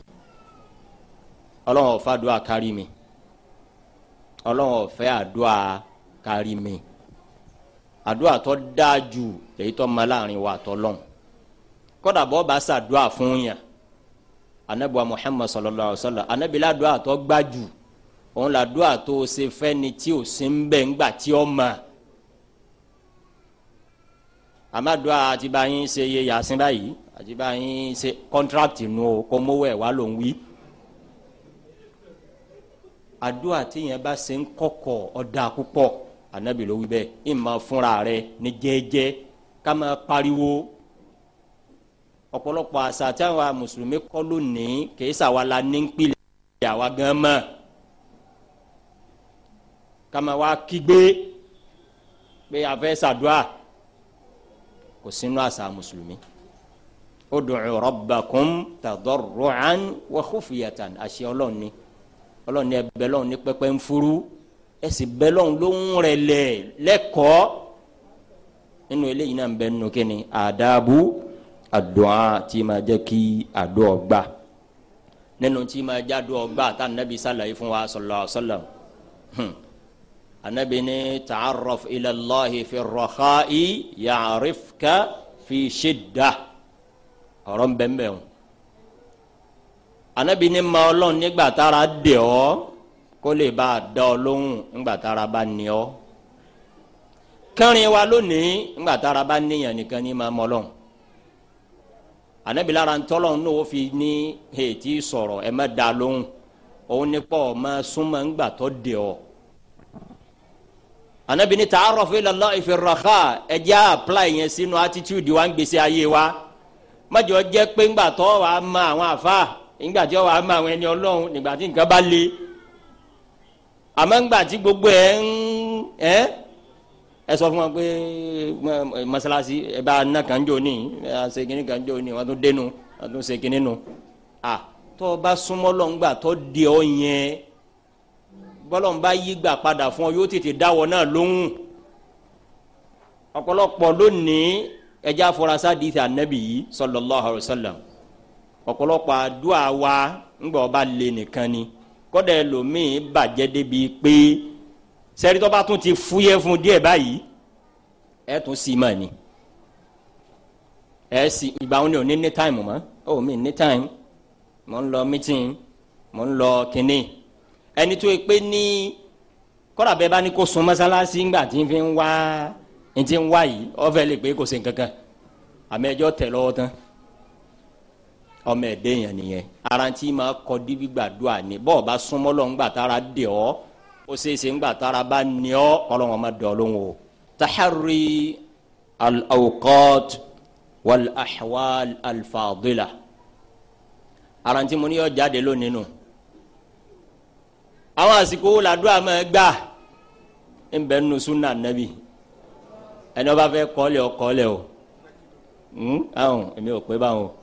ọlọ́run ọ̀fà dùà kárí mi ọlọ́run ọ̀fẹ́ àdùà kárí mi àdùà tó dáa jù èyí tó ma láàrin wa tọ́lọ́n kódà bọ́ bá sàdùà fún yàn anabiwa muhammad sallallahu alaihi wa sallam anabi la dùà tó gbájú òun la dùà tó ṣe fẹ́ni tí ò sí ń bẹ̀ ńgbà tí ó máa amadu àtibá se ṣe iye yàsín báyìí àtibá yín ṣe kọ́ntrákìtì nu o kó mówó ẹ̀ wá ló ń wí. àdúrà tíyẹn bá ṣe ń kọ́kọ̀ ọ̀dà púpọ̀ anabi ló wí bẹ́ẹ̀ ìmọ̀ fúnra rẹ̀ ní jẹ́ẹ́jẹ́ ká pariwo ọ̀pọ̀lọpọ̀ àṣà tí àwọn mùsùlùmí kọ́ lónìí kìí ṣàwa la ní ń pilẹ̀ àwa gan mọ̀ ká máa wá kígbe pé a kò sínú àṣà mùsùlùmí ud'u rabbakum tadarru'an wa khufyatan àṣẹ ọlọ́run ni ọlọ́run ni ẹ bẹ ọlọ́run ní pẹ́pẹ́ ń furu ẹ sì bẹ ọlọ́run ló ń rẹ̀ lẹ̀ lẹ́kọ̀ọ́ nínú eléyìí náà ń bẹ nínú kíni àdáàbù àdùá tí máa jẹ́ kí àdó ọgbà nínú tí máa jẹ́ àdó ọgbà tá nàbí sàlàyé fún wa sallallahu alaihi anabi ni taarọf ilallahi fi rọkaa'i yaarifka fi shidda ọ̀rọ̀ nbẹnbẹn o anabi ni ma Ọlọ́run nígbà tára dè ọ́ kó lè bá a dá ọ lóhùn nígbà tára bá ní ọ kẹrin wa lónìí nígbà tára bá níyàn nìkan ní ma mọ anabi lára ntọlọ ní fi ní hètí sọ̀rọ̀ ẹ má dá lóhùn òun ma súnmọ́ ńgbà tó anabi ni taarọfu ilala ifiraka ẹdí a apply yẹn sínú attitude wa ń gbèsè ayé wa májọ jẹ pé ńgbàtọ wa ma àwọn àfa ńgbàtọ wa ma àwọn ẹni Ọlọ́run nígbàtí nǹkan bá le àmọ́ ńgbàtí gbogbo ẹ ń ẹ fún wa pé masalasi ẹ bá ná kan jò ní ẹ bá ṣe kínní kan jò ní wọn tún dénú wọn tún ṣe kínní nu à tọ́ ọ bá súnmọ́ lọ́ngbà tọ́ bọ́lọ̀ ń bá yí gbà padà fún ọ yóò tètè dáwọ́ náà lóhùn ọ̀pọ̀lọpọ̀ lónìí ẹja afurasá di ti anabi yìí sallallahu alaihi wasallam ọ̀pọ̀lọpọ̀ àdúrà wa ńgbà ọba lè nìkan ni kọ́dà ẹlòmíì bàjẹ́ débi pé sẹ́rí tó bá tún ti fúyẹ́ fún díẹ̀ báyìí ẹ̀ tún sì mọ̀ ni ẹ̀ sì ìgbà wọn ni ò ní ní táìmù mọ́ ò mí ní táìmù mò ń lọ mítìn mò ń lọ kínní ẹni tó yẹ pé ní kọ́dà bẹ́ẹ̀ bá ní kó sun mọ́sálásí ńgbà tí ń fi ń wá ń ti ń wá yìí ọ̀fẹ́ lè pé kò sí nǹkankan àmẹ́jọ́ tẹ̀ lọ́wọ́ tán ọmọ ẹ̀dẹ́ yẹn nìyẹn arantí máa kọ́ di gbígbàdúrà ní bọ́ọ̀ bá súnmọ́ lọ́n gbà tára dè ọ́ ó ṣeé ṣe ńgbà tára bá ní ọ́ ọlọ́wọ́n máa dọ̀ lóhùn o. tahari al-awqat wal-ahwal al-fadila arantí mo ní yọ jáde lónìí nù. No àwọn àsìkò wo làdúrà máa gbà ń bẹ nínú súnà nàbì ẹni wọn bá fẹ́ kọ́lẹ̀ ọ kọ́lẹ̀ o àwọn hmm? èmi ò pé báwọn o.